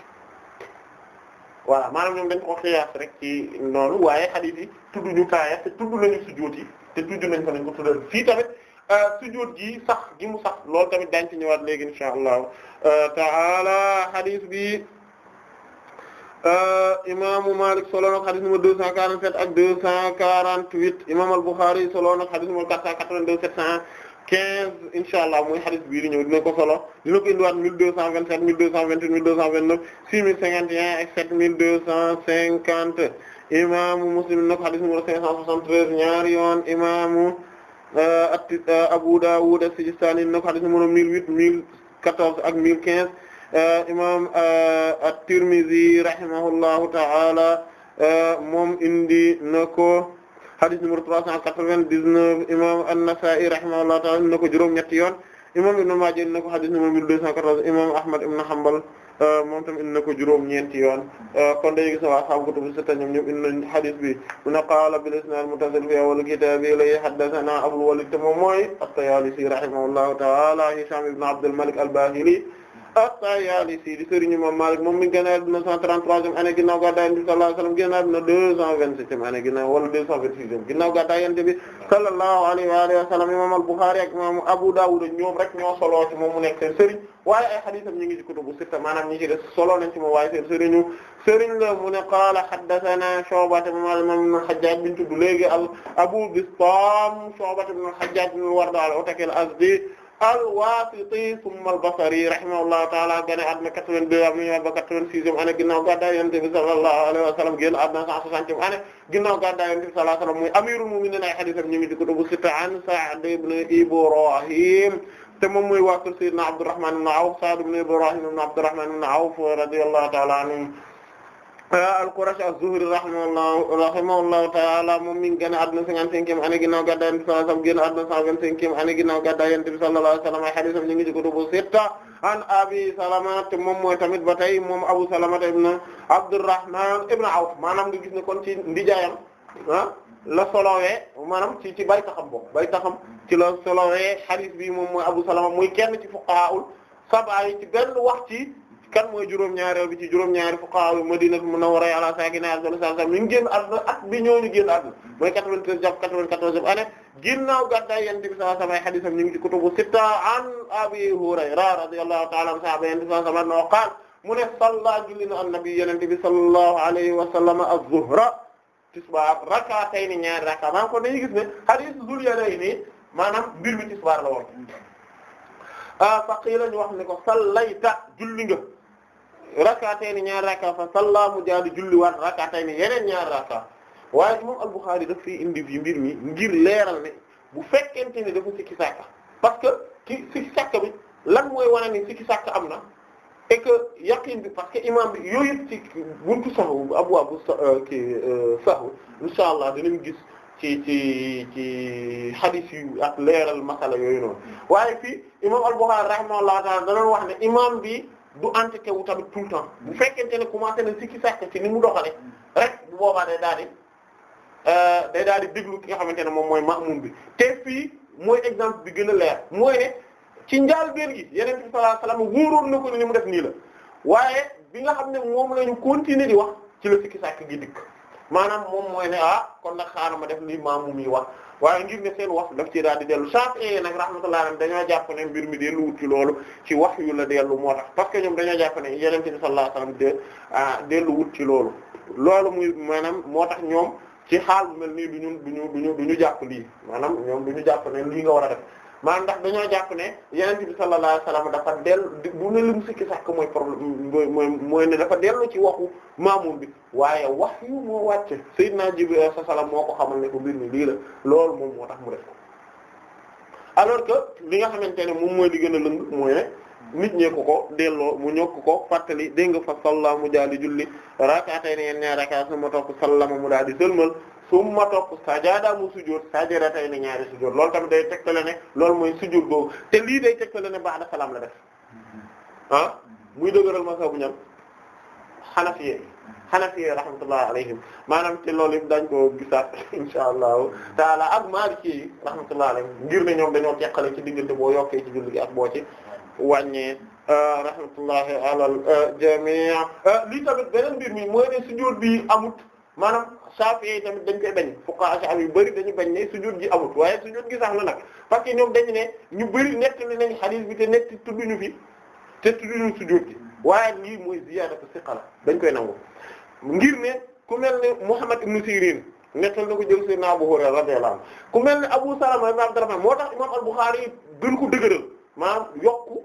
voilà maanaam ñoom dañ ko xiyaas rek ci noonu waaye xadis yi tudd ñu taaya te tudd nañu sujjóot yi te tudd nañ ko nañ ko tuddal fii tamit euh, sujjóot gi sax gi mu sax loolu tamit dañ ci ñëwaat léegi insha allahu euh, taala xadis bi Euh, imaamu Malik solo na xadis numéro 247 ak 248 imaam al-Bukhari solo na xadis numéro 482 715 inshallah muy xadis bii di ñëw dina ko solo dina ko indiwaat 1227 1228 1229 6051 ak 7250 imaamu Muslim nag xadis numéro 573 ñaari yoon imaamu euh, euh, Abu Dawud as-Sijistani nag xadis numéro 1008 1014 ak 1015. Euh, imam euh, at-Tirmidhi rahimahullahu ta'ala euh, moom indi na ko hadith numéro 399 imam an-Nasa'i rahimahullahu ta'ala indi na ko juróom-ñetti yoon imam Ibn Majah indi na ko hadith numéro 1214 imam Ahmad ibn Hanbal moom tam indi na ko juróom-ñeenti yoon kon dañuy gis waa ashaabu kutubu sitta ñoom ñoom indi nañu hadith bi mu ne qaala bil isnaad muttasil fi awwal kitaab li haddathanaa Abul Walid te moom mooy at-Tayaalisi rahimahullahu ta'ala Hisham ibn Abd al-Malik al-Bahili as-Sayaalisi di sëriñ imam Maalik moom mi ngi génn àdduna 133e année ginnaaw gàddaay Yonent bi sallallahu alayhi wasallam génn àdduna 227e année bi wa alihi wasallam imam al-Bukhari ak imam Abu Dawud ñoom rek ñoo solo ci moom mu nekk seen sëriñ waaye ay hadiisam ñu solo nañ ci moom waaye seen sëriñu sëriñ la mu ne qaala haddathana Shu'ba ibn al-Hajjaj biñ tudd léegi Abu Bistaam Shu'ba ibn al-Hajjaj ibn al-Wardi al-Ataki al-Wasiti summa al-Basri rahimahullahu ta'ala gane àdduna 82 am nañu ba 86e année ginnaaw gàddaay Yonent bi sallallahu alayhi wa sallam génn àdduna 160e année ginnaaw gàddaay Yonent bi sallallahu alayhi wa sallam muy amirul mu'minin ay hadiisam ñu ngi ci kutubu sitta an Sa'd ibn Ibrahim te moom muy waa kër Sayyidina Abdurrahman ibn Awf Sa'd ibn Ibrahim ibn Abdurrahman ibn Awf radiyallahu ta'ala anhu Euh, al-Qurashi az-Zuhri rahimahullahu rahimahullahu ta'ala moom mi ngi a àdduna cinquante-cinquième année ginnaaw gàddaay Yonent bi sallallahu alayhi wasallam génn àdduna cent vingt-cinquième année ginnaaw gàddaay Yonent bi ñu ngi ci kutubu sitta an Abi Salama te moom mooy tamit ba tey moom Abu Salama ibn Abdurrahman ibn Awf maanaam nga gis ne kon ci ndijaayam ah la solowee maanaam ci ci baytaxam boobu baytaxam ci la solowee hadiis bi moom mooy Abu Salama muy kenn ci fuqahaa'ul sab'a yi ci benn wax ci kan mooy juróom-ñaareel bi ci juróom-ñaari fuqahaa yu Madinatu Munawwara ala saakinihaa afdalu salaatu wa salaam mi ngi génn àdduna at bi ñooñu génn àdduna mooy 93 jàpp 94 année ginnaaw gàddaay Yonent bi sallallahu alayhi wa sallam ay hadiisam ñu ngi ci kutubu sitta an Abi Hurayra radiyallahu ta'ala anhu sahaaba Yonent bi sallallahu alayhi wa sallam qaala mu ne salla julli na an-nabi Yonent bi sallallahu alayhi wa sallam az-zuhra tisbaar rak'atayni ñaari rak'a maanaam ko dañuy gis ne hadiis Zul Yalayni maanaam mbir mi tisbaar la woon ah, fa qiila wax ne ko sallayta julli rakatayni ñaar raka fa salla mu jaadu julliwaat rakatayni yeneen ñaar raka waaye moom al-Bukhari daf fi indi fi mbir mi ngir leeral ne bu fekkente ni dafa sikki sàkka parce que ci sikki bi lan mooy wane ni sikki sàkka am na et que yaqin bi parce que imam bi yooyu yëpp ci buntu sahwu abwaabu euh, ki euh, sahwu insha allah dinañ gis ci ci ci hadith yu ak leeral masala yooyu noonu mm. waaye fii imam al-Bukhari rahimahullahu ta'ala danoon wax ne imam bi du entité wu tamit tout le temps bu fekkente ne commencé na sikki sàkk ci ni mu doxale rek bu boobaa day daal di euh, day daal di déglu ki nga xamante ne moom mooy ma ma'mum bi te fii mooy exemple bi gën a leer mooy ne ci njaalbéen gi yeneen bi sallallahu alayhi wasallam wóoroon na ko ni mu def nii la waaye bi nga xam ne moom la ñu continuer di wax ci la sikki sàkk gi dikk maanaam moom mooy ne ah kon nag xaana ma def li maamu mi wax waaye ngir ne seen wax daf ci daal di dellu Shafi'i nag rahmatullahi alayhi dañoo jàpp ne mbir mi dellu wut ci loolu ci wax yu la dellu moo tax parce que ñoom dañoo jàpp ne Yonent bi sallallahu alayhi wasallam de ah dellu wut ci loolu loolu muy maanaam moo tax ñoom ci xaal bu mel nii du ñu du ñu du ñu du ñu jàpp lii maanaam ñoom du ñu jàpp ne lii nga war a def. maanaam ndax dañoo jàpp ne yonent bi sallallahu alayhi wasallam dafa dellu bu ne lu mu sikki sax mooy problème mooy mooy mooy ne dafa dellu ci waxu maamoom bi waaye wax yu moo wàcce Seydina Jibril sallallahu alayhi wasallam moo ko xamal ne ko mbir mi lii la loolu moom moo tax mu def ko alors que li nga xamante ne moom mooy li gën a lëng mooy ne nit ñee ko delloo mu ñokk ko fàttali dégg nga fa salla mu daal di julli raakaatee ne ñaari raakaat sama topp sallama mu daal di sëlmal summa topp sajada mu sujjóot sajdatayni ñaari sujjóot loolu tamit day tegtale ne loolu mooy sujjóot googu te lii day tegtale ne ba'da salaam la def ah muy dëgëral mazhabu ñam Hanafiyye Hanafiyye rahmatullahi alayhim maanaam te loolu yëpp dañ ko gisaat insha allahu taala ak Maalikiyye rahmatullahi alayhim ngir ne ñoom dañoo teqale ci diggante boo yokkee ci julli gi ak boo ci wàññee ah, rahmatullahi alal ah, jamii' ah, lii tamit beneen mbir mi mooy bi amut maanaam Shafi'i tamit dañ koy bañ fuqaha Shafi'i yu bëri dañu bañ ne sujud gi amut waaye sujud gi sax la nag parce que ñoom dañu ne ñu bëri nekk li nañ hadith bi te nekk tudduñu fi te tudduñu sujud gi waaye lii mooy ziyaadatu siqa la dañ koy nangu ngir ne ku mel ne Muhammad ibn Sirin nettal na ko jël Seydina Abu Hurayra radiyallahu anhu ku mel ne Abu Salama ibn Abdurrahman moo tax imam al-Bukhari yi gën ko dëgëral maanaam yokku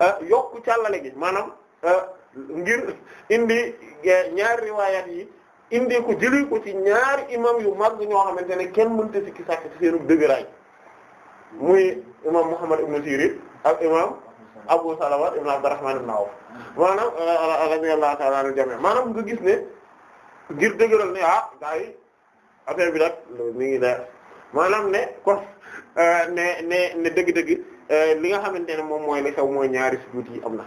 ah, yokku càllale gi maanaam ah, ngir indi ñaari riwayat yi indi ko jëli ko ci ñaari imam yu mag ñoo xamante ne kenn mënta sikki sàkk ci seenu dëgëraay muy imam Muhammad ibn Sirin ak imam Abu Salama ibn Abdurrahman ibn Awf maanaam euh, euh, euh, radiyallahu nga gis ne ngir dëgëral ne ah bi nag ngi leer maanaam ne kon ne ne ne dëgg-dëgg li nga xamante ne moom mooy li xew mooy ñaari sujud yi am na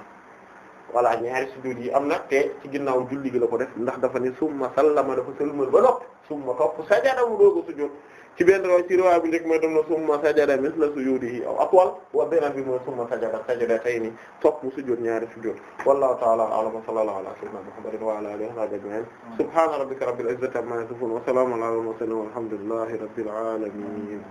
voilà ñaari sujjóot yi am na te ci ginnaaw julli gi la ko def ndax dafa ne summa sallama dafa sëlmal ba noppi summa topp sajada mu dooga sujjóot ci benn raw ci riwaay bu njëkk mooy dem na summa sajada misla sujudihi aw atwal wa beneen bi mooy summa sajada sajdatayni topp mu sujjóot ñaari sujjóot wallahu ta'ala a'lam wa sallallahu ala sayyidina muhammadin wa ala alihi wa sahbihi ajma'in subhana rabbika rabbil izzati amma yasifun wa salamun ala al mursalin walhamdulillahi rabbil alamin